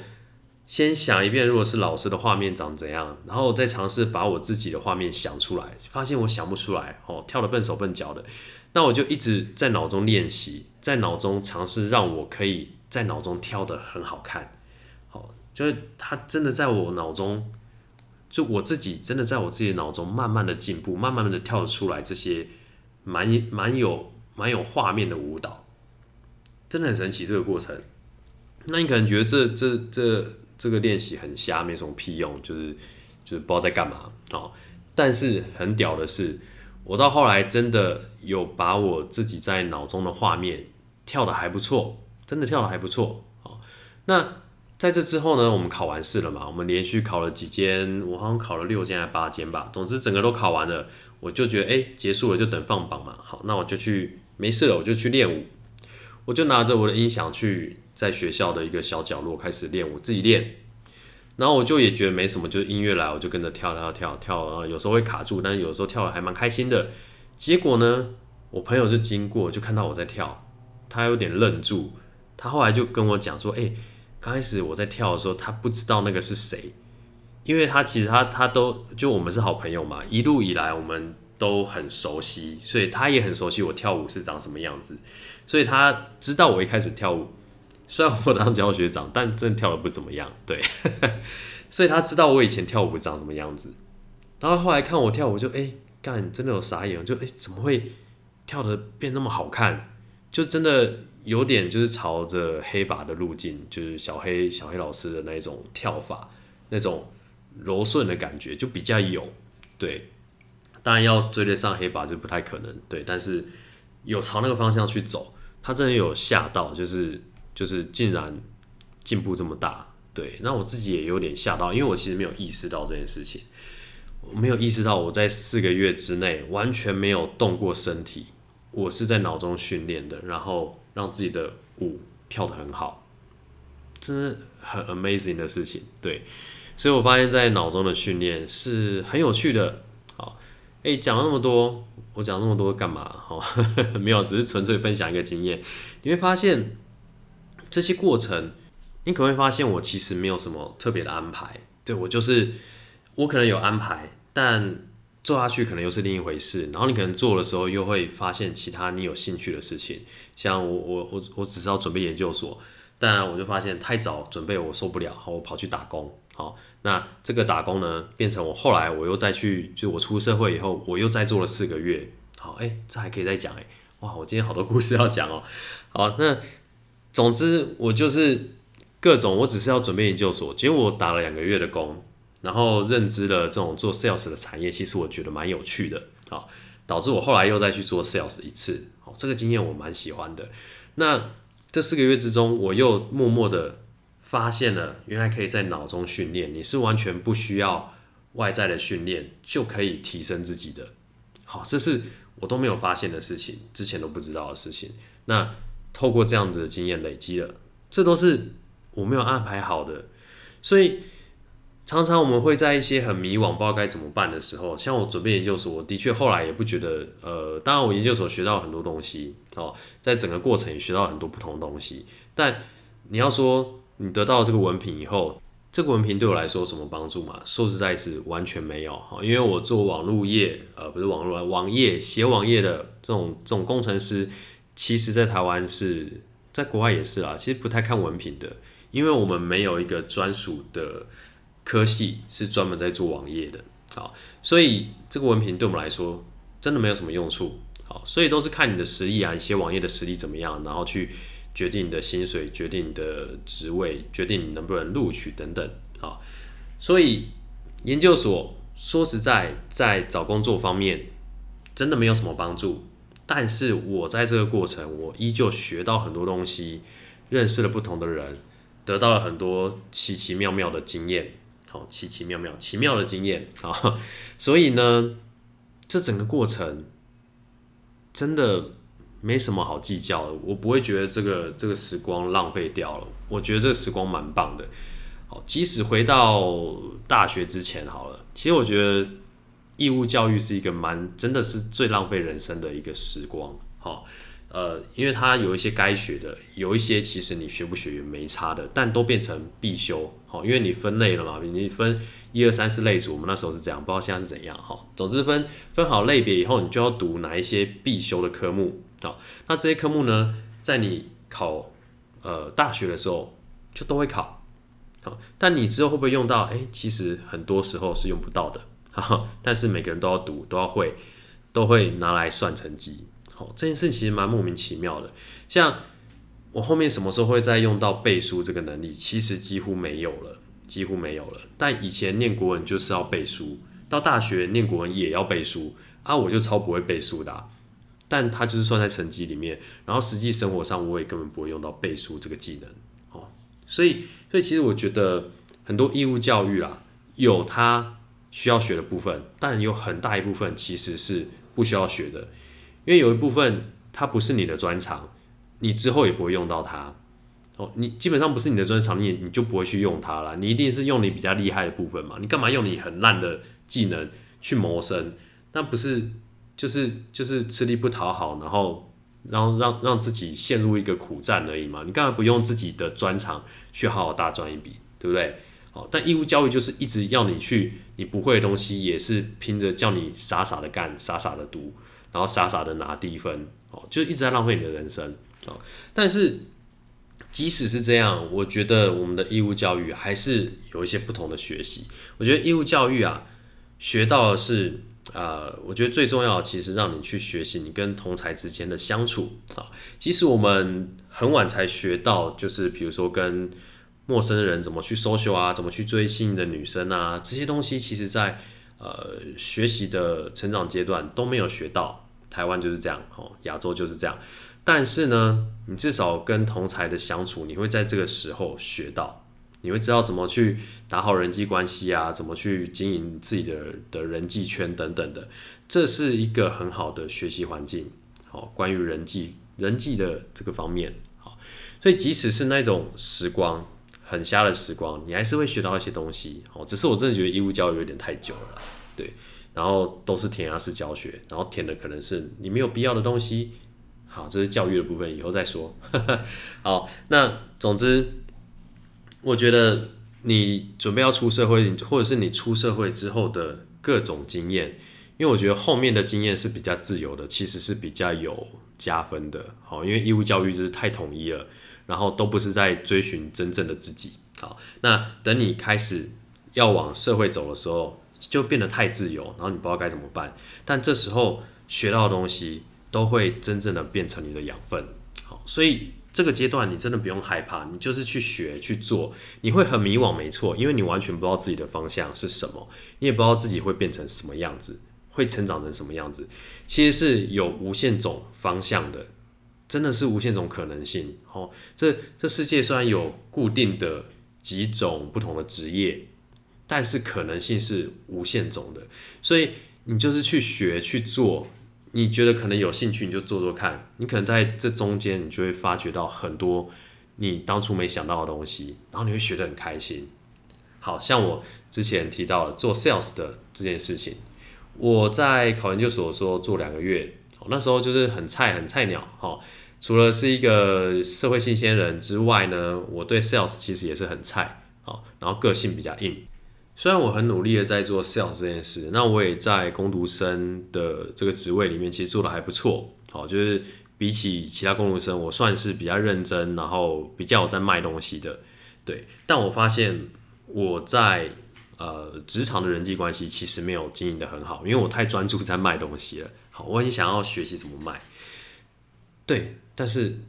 先想一遍，如果是老師的畫面長怎樣，然後再嘗試把我自己的畫面想出來，發現我想不出來，哦、喔，跳得笨手笨腳的。那我就一直在腦中練習，在腦中嘗試讓我可以在腦中跳的很好看，好，就是他真的在我腦中，就我自己真的在我自己腦中慢慢的進步，慢慢的跳出來這些蠻蠻有蠻有畫面的舞蹈，真的很神奇這個過程。那你可能覺得這這這這個練習很瞎，沒什麼屁用，就是就是不知道在幹嘛，哦。但是很屌的是。我到後來真的有把我自己在腦中的畫面跳得還不錯，真的跳得還不錯。好，那在這之後呢，我們考完試了嘛，我們連續考了幾間，我好像考了六間還是八間吧，總之整個都考完了，我就覺得誒、欸，結束了，就等放榜嘛。好，那我就去沒事了，我就去練舞，我就拿着我的音響去在學校的一個小角落開始練舞，我自己練。然後我就也覺得沒什麼，就音樂來，我就跟着跳跳跳跳跳，然後有時候會卡住，但是有的時候跳了還蠻開心的。結果呢，我朋友就經過，就看到我在跳，他有點愣住。他後來就跟我講說：“哎、欸，剛開始我在跳的時候，他不知道那個是誰，因為他其實他他都就我們是好朋友嘛，一路以來我們都很熟悉，所以他也很熟悉我跳舞是長什麼樣子，所以他知道我一開始跳舞。”雖然我當教學長，但真的跳得不怎麼樣，對， 所以他知道我以前跳舞長什麼樣子。然後後來看我跳舞就，就、欸、哎，幹，真的有傻眼，就哎、欸，怎麼會跳得變那麼好看？就真的有點就是朝着黑把的路徑，就是小黑小黑老師的那種跳法，那種柔順的感覺，就比較有，對。當然要追得上黑把就不太可能，對，但是有朝那個方向去走，他真的有嚇到，就是。就是竟然進步這麼大，對，那我自己也有點嚇到，因為我其實沒有意識到這件事情，我沒有意識到我在四個月之內完全沒有動過身體，我是在腦中訓練的，然後讓自己的舞跳得很好，真是很 amazing 的事情，對，所以我發現，在腦中的訓練是很有趣的。好，哎、欸，講那麼多，我講那麼多幹嘛？哈，沒有，只是純粹分享一個經驗，你會發現。這些過程，你可能會發現我其實沒有什麼特別的安排。對，我就是，我可能有安排，但做下去可能又是另一回事。然後你可能做的時候又會發現其他你有興趣的事情，像我我我我只是要準備研究所，但我就發現太早準備我受不了。好，我跑去打工。好，那這個打工呢，變成我後來我又再去，就我出社會以後，我又再做了四個月。好，誒，這還可以再講誒，哇，我今天好多故事要講哦。好，那。總之，我就是各種，我只是要準備研究所。結果我打了兩個月的工，然後認知了這種做 sales 的產業，其實我覺得蠻有趣的。好，導致我後來又再去做 sales 一次。好，這個經驗我蠻喜歡的。那這四個月之中，我又默默的發現了，原來可以在腦中訓練，你是完全不需要外在的訓練就可以提升自己的。好，這是我都沒有發現的事情，之前都不知道的事情。那。透過這樣子的經驗累積了，這都是我沒有安排好的，所以常常我們會在一些很迷惘，不知道該怎麼辦的時候。像我準備研究所，我的確後來也不覺得，呃，當然我研究所學到很多東西，哦，在整個過程也學到很多不同的東西。但你要說你得到這個文憑以後，這個文憑對我來說有什麼幫助嗎？說實在，是完全沒有哈，因為我做網絡業，呃，不是網絡網頁寫網頁的這種這種工程師。其實，在台灣是在國外也是啊，其實不太看文憑的，因為我們沒有一個專屬的科系是專門在做網頁的，好，所以這個文憑對我們來說真的沒有什麼用處，好，所以都是看你的實力啊，一些網頁的實力怎麼樣，然後去決定你的薪水，決定你的職位，決定你能不能錄取等等，好，所以研究所說實在在找工作方面真的沒有什麼幫助。但是我在這個過程，我依舊學到很多東西，認識了不同的人，得到了很多奇奇妙妙的經驗，好，奇奇妙妙，奇妙的經驗，好，所以呢，這整個過程真的沒什麼好計較的，我不會覺得這個這個時光浪費掉了，我覺得這個時光蠻棒的，好，即使回到大學之前好了，其實我覺得。義務教育是一個蠻真的是最浪費人生的一個時光，哈，呃，因為它有一些該學的，有一些其實你學不學也沒差的，但都變成必修，好，因為你分類了嘛，你分一二三四類組，我們那時候是這樣，不知道現在是怎樣，哈，總之分分好類別以後，你就要讀哪一些必修的科目，啊，那這些科目呢，在你考呃大學的時候就都會考，好，但你之後會不會用到？哎、欸，其實很多時候是用不到的。但是每個人都要讀，都要會，都會拿來算成績。好，哦，這件事其實蠻莫名其妙的。像我後面什麼時候會再用到背書這個能力，其實幾乎沒有了，幾乎沒有了。但以前念國文就是要背書，到大學念國文也要背書啊，我就超不會背書的、啊。但他就是算在成績裡面，然後實際生活上我也根本不會用到背書這個技能。哦。所以所以其實我覺得很多義務教育啦，有它需要學的部分，但有很大一部分其實是不需要學的，因為有一部分它不是你的專長，你之後也不會用到它。哦，你基本上不是你的專長，你你就不會去用它了。你一定是用你比較厲害的部分嘛。你幹嘛用你很爛的技能去謀生？那不是就是就是吃力不討好，然後然後讓讓自己陷入一個苦戰而已嘛？你幹嘛不用自己的專長去好好大賺一筆，對不對？但義務教育就是一直要你去，你不會的東西也是拼着叫你傻傻的幹，傻傻的讀，然後傻傻的拿低分，哦，就一直在浪費你的人生。但是即使是這樣，我覺得我們的義務教育還是有一些不同的學習。我覺得義務教育啊，學到的是啊、呃，我覺得最重要的其實讓你去學習你跟同儕之間的相處啊。即使我們很晚才學到，就是比如說跟。陌生的人怎麼去 social 啊？怎麼去追星的女生啊？這些東西其實在，在呃學習的成長階段都沒有學到。台灣就是這樣，哦，亞洲就是這樣。但是呢，你至少跟同儕的相處，你會在這個時候學到，你會知道怎麼去打好人際關係啊，怎麼去經營自己的的人際圈等等的。這是一個很好的學習環境。好，關於人際人際的這個方面，好，所以即使是那種時光。很瞎的時光，你還是會學到一些東西哦。只是我真的覺得義務教育有點太久了，對。然後都是填鴨式教學，然後填的可能是你沒有必要的東西。好，這是教育的部分，以後再說。哈哈，好，那總之，我覺得你準備要出社會，或者是你出社會之後的各種經驗，因為我覺得後面的經驗是比較自由的，其實是比較有加分的。好，因為義務教育就是太統一了。然後都不是在追尋真正的自己，好，那等你開始要往社會走的時候，就變得太自由，然後你不知道該怎麼辦。但這時候學到的東西都會真正的變成你的養分，好，所以這個階段你真的不用害怕，你就是去學去做，你會很迷惘，沒錯，因為你完全不知道自己的方向是什麼，你也不知道自己會變成什麼樣子，會成長成什麼樣子，其實是有無限種方向的。真的是無限種可能性哦！這這世界雖然有固定的幾種不同的職業，但是可能性是無限種的。所以你就是去學、去做，你覺得可能有興趣，你就做做看。你可能在這中間，你就會發覺到很多你當初沒想到的東西，然後你會學得很開心。好像我之前提到做 sales 的這件事情，我在考研究所說做兩個月，那時候就是很菜、很菜鳥哈。哦除了是一個社會新鮮人之外呢，我對 sales 其實也是很菜，好，然後個性比較硬。雖然我很努力的在做 sales 這件事，那我也在工讀生的這個職位裡面，其實做得還不錯，好，就是比起其他工讀生，我算是比較認真，然後比較有在賣東西的，對。但我發現我在呃職場的人際關係其實沒有經營得很好，因為我太專注在賣東西了，好，我很想要學習怎麼賣，對。但是，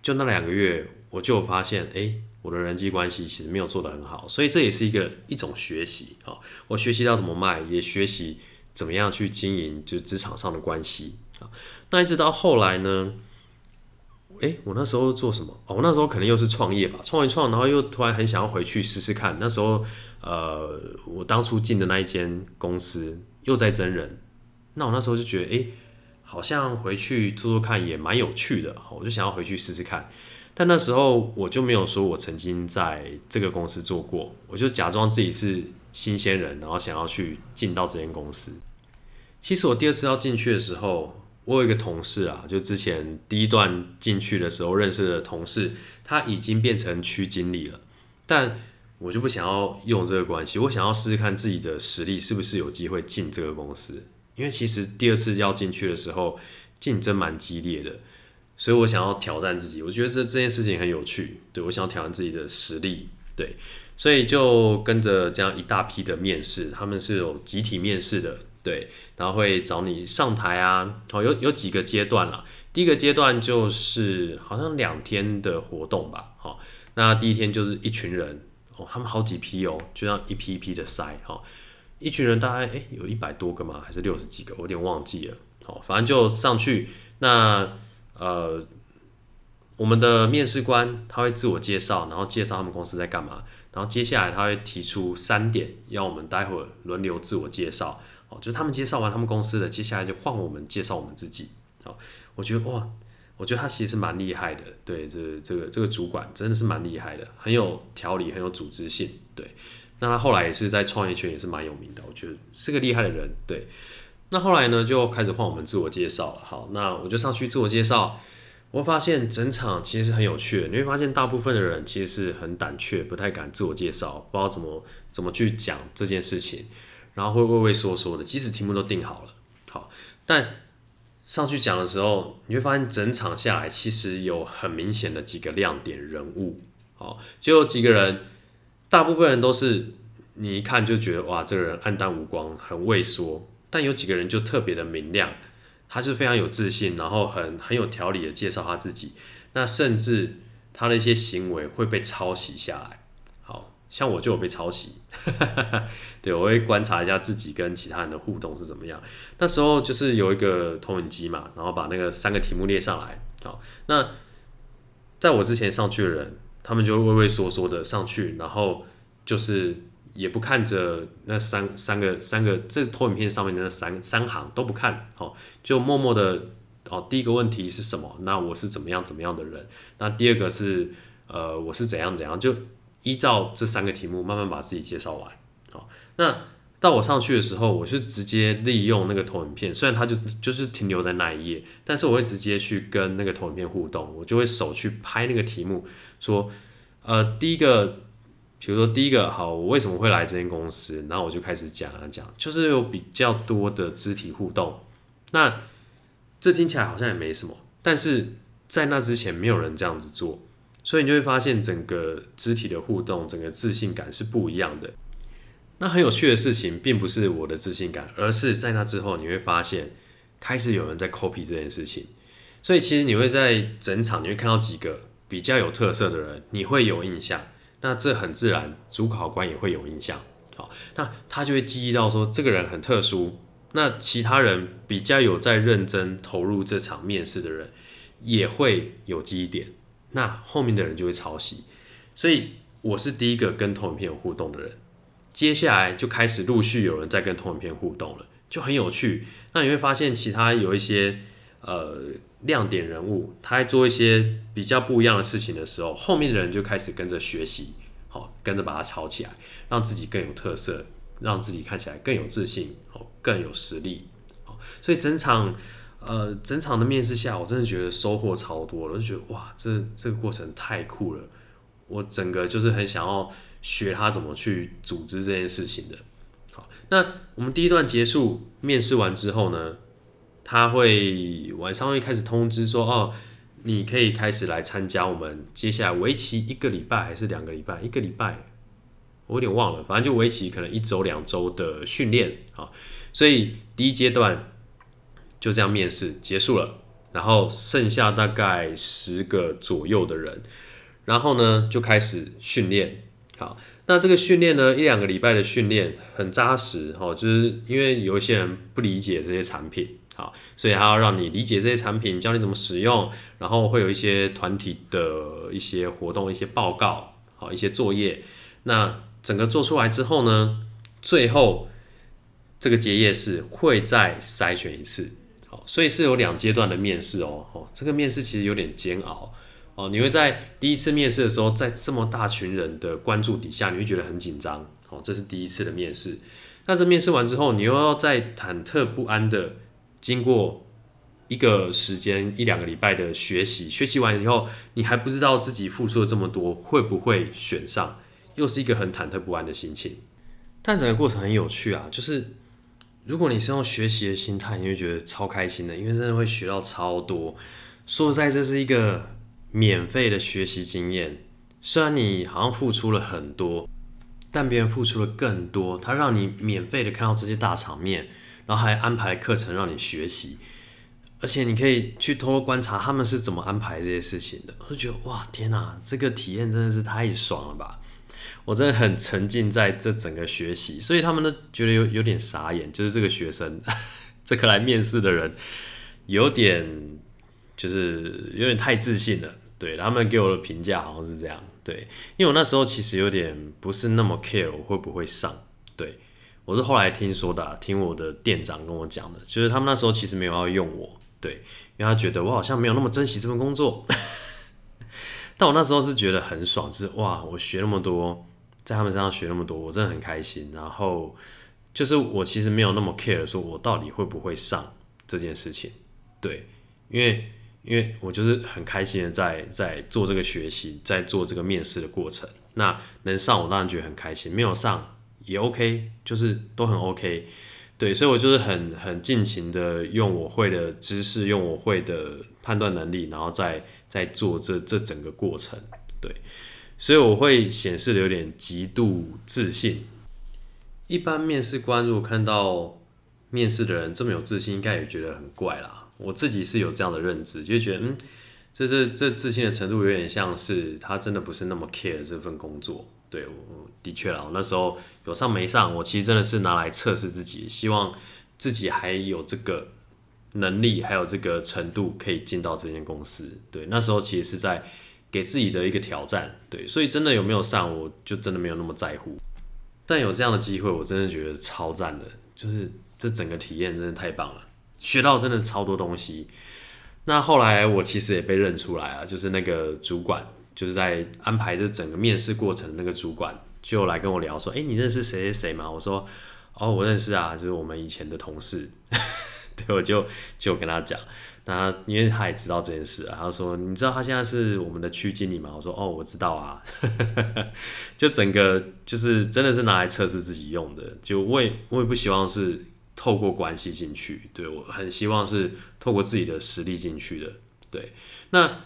就那兩個月，我就發現，哎、欸，我的人際關係其實沒有做得很好，所以這也是一個一種學習啊、哦。我學習到怎麼賣，也學習怎麼樣去經營，就職場上的關係啊、哦。那一直到後來呢，哎、欸，我那時候做什麼？哦，我那時候可能又是創業吧，創一創，然後又突然很想要回去試試看。那時候，呃，我當初進的那一間公司又在徵人，那我那時候就覺得，哎、欸。好像回去做做看也蠻有趣的，我就想要回去試試看。但那時候我就沒有說我曾經在這個公司做過，我就假裝自己是新鮮人，然後想要去進到這間公司。其實我第二次要進去的時候，我有一個同事啊，就之前第一段進去的時候認識的同事，他已經變成區經理了，但我就不想要用這個關係，我想要試試看自己的實力是不是有機會進這個公司。因為其實第二次要進去的時候，競爭蠻激烈的，所以我想要挑戰自己。我覺得這這件事情很有趣，對我想要挑戰自己的實力，對，所以就跟着這樣一大批的面試，他們是有集體面試的，對，然後會找你上台啊，好，有有幾個階段了、啊，第一個階段就是好像兩天的活動吧，好，那第一天就是一群人哦，他們好幾批哦、喔，就像一批一批的篩，哦。一群人大概誒、欸，有一百多個嗎？還是六十幾個？我有點忘記了。好，反正就上去。那呃，我們的面試官他會自我介紹，然後介紹他們公司在幹嘛。然後接下來他會提出三點，要我們待會兒輪流自我介紹。好，就他們介紹完他們公司的，接下來就換我們介紹我們自己。好，我覺得哇，我覺得他其實是蠻厲害的。對，這個、這個這個主管真的是蠻厲害的，很有條理，很有組織性。對。那他後來也是在創業圈也是蠻有名的，我覺得是個厲害的人。對，那後來呢，就開始換我們自我介紹了。好，那我就上去自我介紹，我發現整場其實很有趣。你會發現大部分的人其實是很膽怯，不太敢自我介紹，不知道怎麼怎麼去講這件事情，然後會畏畏縮縮的。即使題目都定好了，好，但上去講的時候，你會發現整場下來其實有很明顯的幾個亮點人物。好，就有幾個人。大部分人都是你一看就覺得哇，這個人黯淡無光，很畏縮。但有幾個人就特別的明亮，他是非常有自信，然後很很有條理的介紹他自己。那甚至他的一些行為會被抄襲下來，好像我就有被抄襲。 對，我會觀察一下自己跟其他人的互動是怎麼樣。那時候就是有一個投影機嘛，然後把那個三個題目列上來。好，那在我之前上去的人，他們就畏畏縮縮的上去，然後就是也不看着那三三個三個這投影片上面的那三三行都不看，好、哦，就默默的，哦，第一個問題是什麼？那我是怎麼樣怎麼樣的人？那第二個是，呃，我是怎樣怎樣？就依照這三個題目慢慢把自己介紹完，好、哦，那。到我上去的時候，我就直接利用那個投影片，雖然它就就是停留在那一頁，但是我會直接去跟那個投影片互動，我就會手去拍那個題目，說，呃，第一個，比如說第一個，好，我為什麼會來這間公司？然後我就開始講啊講，就是有比較多的肢體互動。那這聽起來好像也沒什麼，但是在那之前沒有人這樣子做，所以你就會發現整個肢體的互動，整個自信感是不一樣的。那很有趣的事情，並不是我的自信感，而是在那之後，你會發現開始有人在 copy 這件事情。所以其實你會在整場你會看到幾個比較有特色的人，你會有印象。那這很自然，主考官也會有印象。好，那他就會記憶到說，這個人很特殊。那其他人比較有在認真投入這場面試的人，也會有記憶點。那後面的人就會抄襲。所以我是第一個跟投影片有互動的人。接下來就開始陸續有人在跟同一篇互動了，就很有趣。那你會發現，其他有一些呃亮點人物，他在做一些比較不一樣的事情的時候，後面的人就開始跟着學習，好、哦、跟着把它抄起來，讓自己更有特色，讓自己看起來更有自信，好、哦、更有實力。好、哦，所以整場呃整場的面試下，我真的覺得收穫超多了，我就覺得哇，這這個過程太酷了。我整個就是很想要。學他怎麼去組織這件事情的。好，那我們第一段結束，面試完之後呢，他會晚上會開始通知說，哦，你可以開始來參加我們接下來為期一個禮拜還是兩個禮拜？一個禮拜，我有點忘了，反正就為期可能一周兩周的訓練啊。好，所以第一階段就這樣面試結束了，然後剩下大概十個左右的人，然後呢就開始訓練。好，那這個訓練呢，一兩個禮拜的訓練很扎實哦，就是因為有一些人不理解這些產品，好，所以還要讓你理解這些產品，教你怎麼使用，然後會有一些團體的一些活動、一些報告，好，一些作業。那整個做出來之後呢，最後這個結業式會再篩選一次，好，所以是有兩階段的面試哦，哦，這個面試其實有點煎熬。你會在第一次面試的時候，在這麼大群人的關注底下，你會覺得很緊張。哦，這是第一次的面試。那這面試完之後，你又要再忐忑不安的經過一個時間一兩個禮拜的學習，學習完以後，你還不知道自己付出了這麼多會不會選上，又是一個很忐忑不安的心情。但整個過程很有趣啊，就是如果你是用學習的心態，你會覺得超開心的，因為真的會學到超多。說實在，這是一個。免費的學習經驗，雖然你好像付出了很多，但別人付出了更多。他讓你免費的看到這些大場面，然後還安排課程讓你學習，而且你可以去偷偷觀察他們是怎麼安排這些事情的。我就覺得哇，天哪、啊，這個體驗真的是太爽了吧！我真的很沉浸在這整個學習，所以他們都覺得有有點傻眼，就是這個學生， 這個來面試的人有點，就是有點太自信了。對，他們給我的評價好像是這樣，對，因為我那時候其實有點不是那麼 care 我會不會上，對，我是後來聽說的啊，聽我的店長跟我講的，就是他們那時候其實沒有要用我，對，因為他覺得我好像沒有那麼珍惜這份工作， 但我那時候是覺得很爽，就是哇，我學那麼多，在他們身上學那麼多，我真的很開心，然後就是我其實沒有那麼 care 說我到底會不會上這件事情，對，因為。因為我就是很開心的在在做這個學習，在做這個面試的過程。那能上我當然覺得很開心，沒有上也 OK，就是都很 OK。對，所以我就是很很盡情的用我會的知識，用我會的判斷能力，然後再在，在做這這整個過程。對，所以我會顯示的有點極度自信。一般面試官如果看到面試的人這麼有自信，應該也覺得很怪啦。我自己是有這樣的認知，就覺得嗯，這這這自信的程度有點像是他真的不是那麼 care 這份工作。對，我的確啦，我那時候有上沒上，我其實真的是拿來測試自己，希望自己還有這個能力，還有這個程度可以進到這間公司。對，那時候其實是在給自己的一個挑戰。對，所以真的有沒有上，我就真的沒有那麼在乎。但有這樣的機會，我真的覺得超讚的，就是這整個體驗真的太棒了。學到真的超多東西，那後來我其實也被認出來啊，就是那個主管，就是在安排這整個面試過程的那個主管就來跟我聊說，哎、欸，你認識誰誰誰嗎？我說，哦，我認識啊，就是我們以前的同事。 對，我就就跟他講，那因為他也知道這件事啊，他說，你知道他現在是我們的區經理嗎？我說，哦，我知道啊。 就整個就是真的是拿來測試自己用的，就我也我也不希望是。透過關係進去，對，我很希望是透過自己的實力進去的。對，那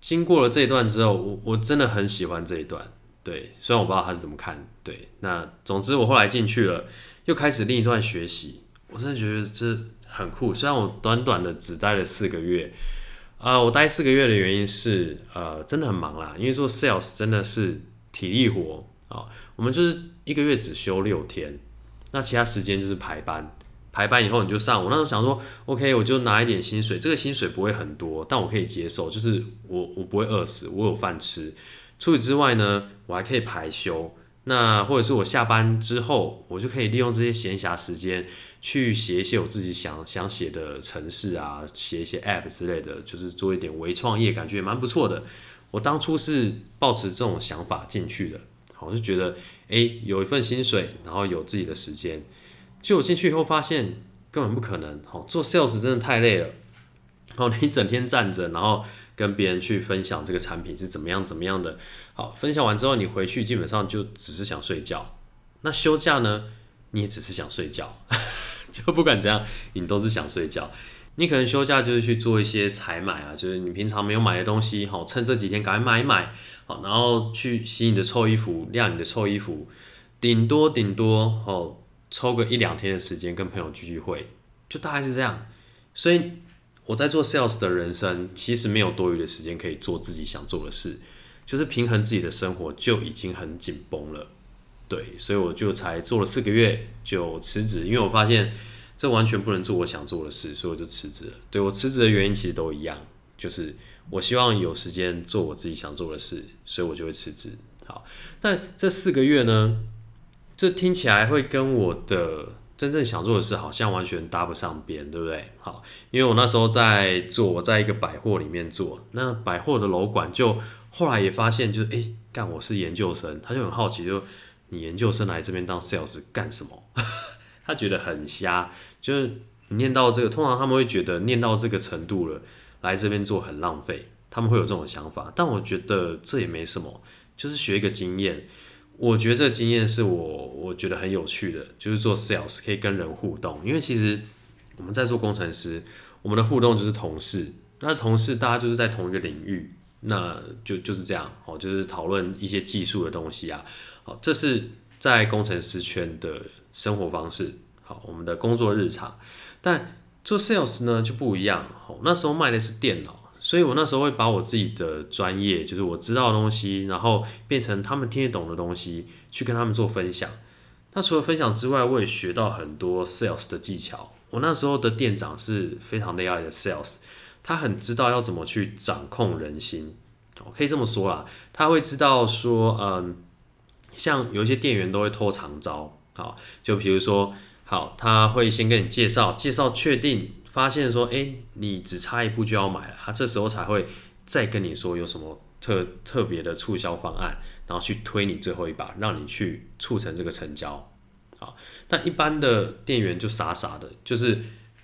經過了這一段之後，我我真的很喜歡這一段。對，雖然我不知道他是怎麼看。對，那總之我後來進去了，又開始另一段學習。我真的覺得這很酷。雖然我短短的只待了四個月，啊、呃，我待四個月的原因是，呃，真的很忙啦。因為做 sales 真的是體力活啊，哦，我們就是一個月只休六天。那其他時間就是排班，排班以後你就上。那我那時候想說，OK，我就拿一點薪水，這個薪水不會很多，但我可以接受，就是我我不會餓死，我有飯吃。除此之外呢，我還可以排休。那或者是我下班之後，我就可以利用這些閒暇時間去寫一些我自己想想寫的程式啊，寫一些 APP 之類的，就是做一點微創業，感覺也蠻不錯的。我當初是抱持這種想法進去的。我就覺得哎、欸，有一份薪水，然後有自己的時間。就我進去以後發現，根本不可能。好，做 sales 真的太累了。好，你整天站着，然後跟別人去分享這個產品是怎麼樣怎麼樣的。好，分享完之後，你回去基本上就只是想睡覺。那休假呢？你也只是想睡覺。 就不管怎樣，你都是想睡覺。你可能休假就是去做一些採買啊，就是你平常沒有買的東西，好，趁這幾天趕快買一買，好，然後去洗你的臭衣服，晾你的臭衣服，頂多頂多，哦，抽個一兩天的時間跟朋友聚聚會，就大概是這樣。所以我在做 sales 的人生，其實沒有多餘的時間可以做自己想做的事，就是平衡自己的生活就已經很緊繃了，對，所以我就才做了四個月就辭職，因為我發現。這完全不能做我想做的事，所以我就辭職了。對，我辭職的原因其實都一樣，就是我希望有時間做我自己想做的事，所以我就會辭職。好，但這四個月呢，這聽起來會跟我的真正想做的事好像完全搭不上邊，對不對？好，因為我那時候在做，我在一個百貨裡面做，那百貨的樓管就後來也發現，就是誒，幹我是研究生，他就很好奇，就你研究生來這邊當 sales 幹什麼？ 他覺得很瞎，就是念到這個，通常他們會覺得念到這個程度了，來這邊做很浪費，他們會有這種想法。但我覺得這也沒什麼，就是學一個經驗。我覺得這個經驗是我我覺得很有趣的，就是做 sales 可以跟人互動，因為其實我們在做工程師，我們的互動就是同事，那同事大家就是在同一個領域，那就就是這樣哦，就是討論一些技術的東西啊，好，這是。在工程師圈的生活方式，好，我們的工作日常。但做 sales 呢，就不一樣，吼，那時候賣的是電腦，所以我那時候會把我自己的專業，就是我知道的東西，然後變成他們聽得懂的東西，去跟他們做分享。那除了分享之外，我也學到很多 sales 的技巧。我那時候的店長是非常厲害的 sales，他很知道要怎麼去掌控人心，我可以這麼說啦，他會知道說，嗯。像有一些店員都會拖長招，好，就比如說好，他會先跟你介紹，介紹確定發現說，哎、欸，你只差一步就要買了，他這時候才會再跟你說有什麼特特別的促銷方案，然後去推你最後一把，讓你去促成這個成交，啊，但一般的店員就傻傻的，就是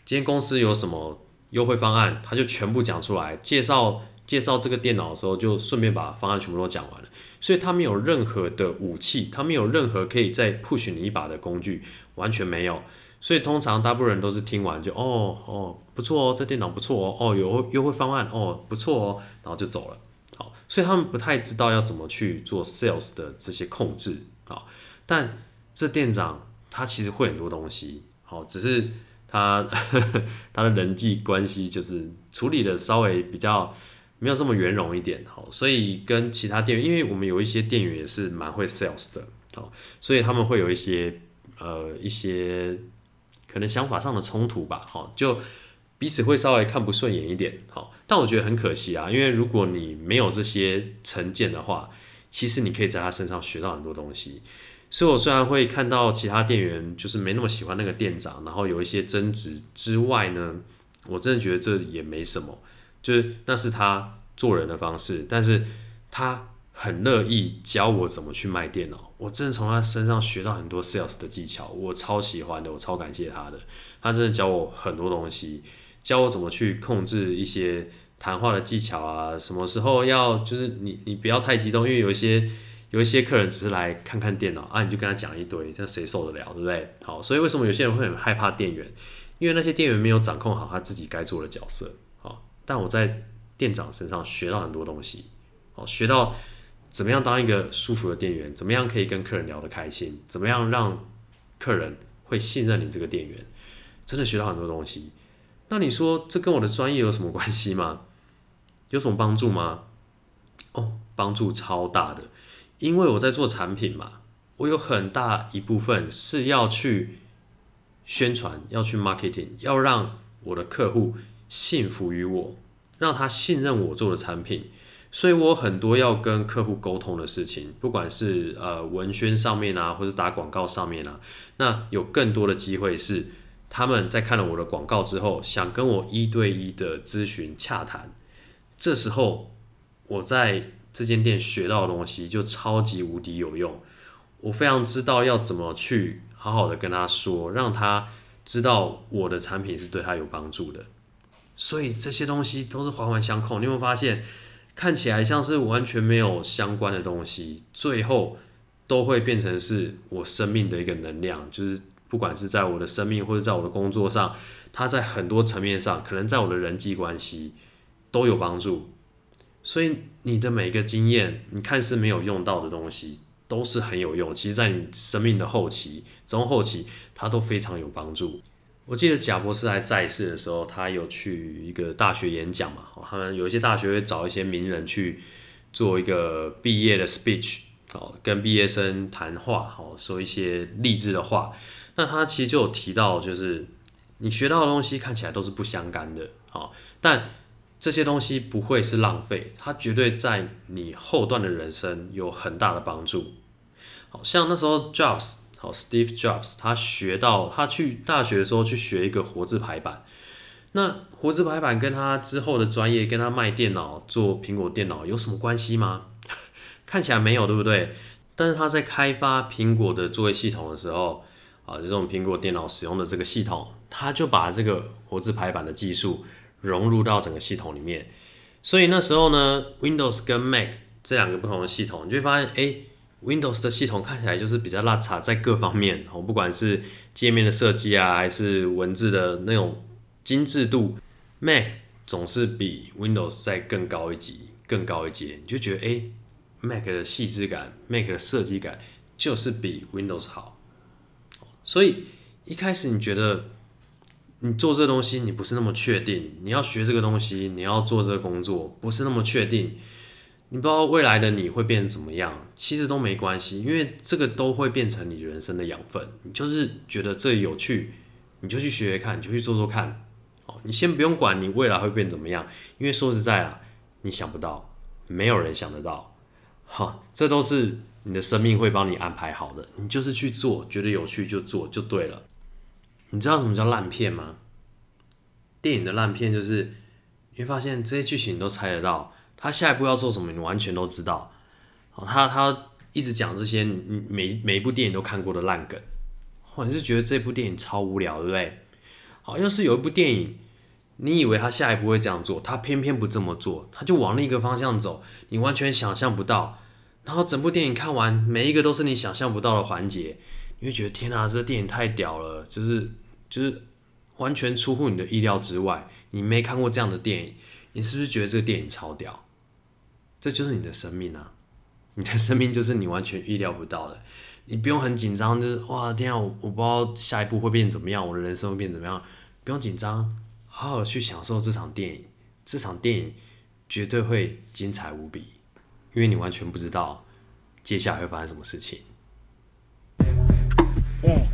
今天公司有什麼優惠方案，他就全部講出來，介紹介紹這個電腦的時候，就順便把方案全部都講完了。所以他沒有任何的武器，他沒有任何可以再 push 你一把的工具，完全沒有。所以通常大部分人都是聽完就哦哦不錯哦，這店長不錯哦，哦有優惠方案哦不錯哦，然後就走了。好，所以他們不太知道要怎麼去做 sales 的這些控制，好，但這店長他其實會很多東西，好，只是他他的人際關係就是處理的稍微比較。沒有這麼圓融一點，好，所以跟其他店員，因為我們有一些店員也是蠻會 sales 的，好，所以他們會有一些呃一些可能想法上的衝突吧，好，就彼此會稍微看不順眼一點，好，但我覺得很可惜啊，因為如果你沒有這些成見的話，其實你可以在他身上學到很多東西，所以我雖然會看到其他店員就是沒那麼喜歡那個店長，然後有一些爭執之外呢，我真的覺得這也沒什麼。就是那是他做人的方式，但是他很樂意教我怎麼去賣電腦。我真的從他身上學到很多 sales 的技巧，我超喜歡的，我超感謝他的。他真的教我很多東西，教我怎麼去控制一些談話的技巧啊，什麼時候要就是你你不要太激動，因為有一些有一些客人只是來看看電腦啊，你就跟他講一堆，那誰受得了，對不對？好，所以為什麼有些人會很害怕店員？因為那些店員沒有掌控好他自己該做的角色。但我在店長身上學到很多東西，哦，學到怎麼樣當一個舒服的店員，怎麼樣可以跟客人聊得開心，怎麼樣讓客人會信任你這個店員，真的學到很多東西。那你說這跟我的專業有什麼關係嗎？有什麼幫助嗎？哦，幫助超大的，因為我在做產品嘛，我有很大一部分是要去宣傳，要去 marketing，要讓我的客戶，信服於我，讓他信任我做的產品，所以我很多要跟客戶溝通的事情，不管是呃文宣上面啊，或者打廣告上面啊，那有更多的機會是他們在看了我的廣告之後，想跟我一對一的諮詢洽談，這時候我在這間店學到的東西就超級無敵有用，我非常知道要怎麼去好好的跟他說，讓他知道我的產品是對他有幫助的。所以這些東西都是環環相扣，你會發現看起來像是完全沒有相關的東西，最後都會變成是我生命的一個能量。就是不管是在我的生命或者在我的工作上，它在很多層面上，可能在我的人際關係都有幫助。所以你的每一個經驗，你看似沒有用到的東西，都是很有用。其實，在你生命的後期、中後期，它都非常有幫助。我記得賈伯斯還在世的時候，他有去一個大學演講嘛。哦，他們有一些大學會找一些名人去做一個畢業的 speech，哦，跟畢業生談話，哦，說一些勵志的話。那他其實就有提到，就是你學到的東西看起來都是不相干的，哦，但這些東西不會是浪費，它絕對在你後段的人生有很大的幫助。好像那時候 Jobs。Steve Jobs，他學到他去大學的時候去學一個活字排版，那活字排版跟他之後的專業，跟他賣電腦做蘋果電腦有什麼關係嗎？ 看起來沒有，對不對？但是他在開發蘋果的作業系統的時候，啊，這種蘋果電腦使用的這個系統，他就把這個活字排版的技術融入到整個系統裡面，所以那時候呢，Windows 跟 Mac 這兩個不同的系統，你就會發現，誒、欸。Windows 的系統看起來就是比較落差在各方面哦，不管是界面的設計啊，還是文字的那種精緻度，Mac 總是比 Windows 再更高一級、更高一階。你就覺得，哎、欸，Mac 的細緻感，Mac 的設計感就是比 Windows 好。所以一開始你覺得你做這東西，你不是那麼確定，你要學這個東西，你要做這個工作，不是那麼確定。你不知道未來的你會變怎麼樣，其實都沒關係，因為這個都會變成你人生的養分。你就是覺得這有趣，你就去學學看，你就去做做看。哦，你先不用管你未來會變怎麼樣，因為說實在啦，你想不到，沒有人想得到。哈、哦，這都是你的生命會幫你安排好的。你就是去做，覺得有趣就做就對了。你知道什麼叫爛片嗎？電影的爛片就是你會發現這些劇情你都猜得到。他下一步要做什麼，你完全都知道。好，他他一直講這些每，每每一部電影都看過的爛梗，或者是覺得這部電影超無聊，對不對？好，要是有一部電影，你以為他下一步會這樣做，他偏偏不這麼做，他就往另一個方向走，你完全想象不到。然後整部電影看完，每一個都是你想象不到的環節，你會覺得天吶、啊，這個電影太屌了，就是就是完全出乎你的意料之外。你沒看過這樣的電影，你是不是覺得這個電影超屌？這就是你的生命啊！你的生命就是你完全意料不到的，你不用很緊張，就是哇天啊，我我不知道下一步會變怎麼樣，我的人生會變怎麼樣，不用緊張，好好去享受這場電影，這場電影絕對會精彩無比，因為你完全不知道接下來會發生什麼事情。嗯嗯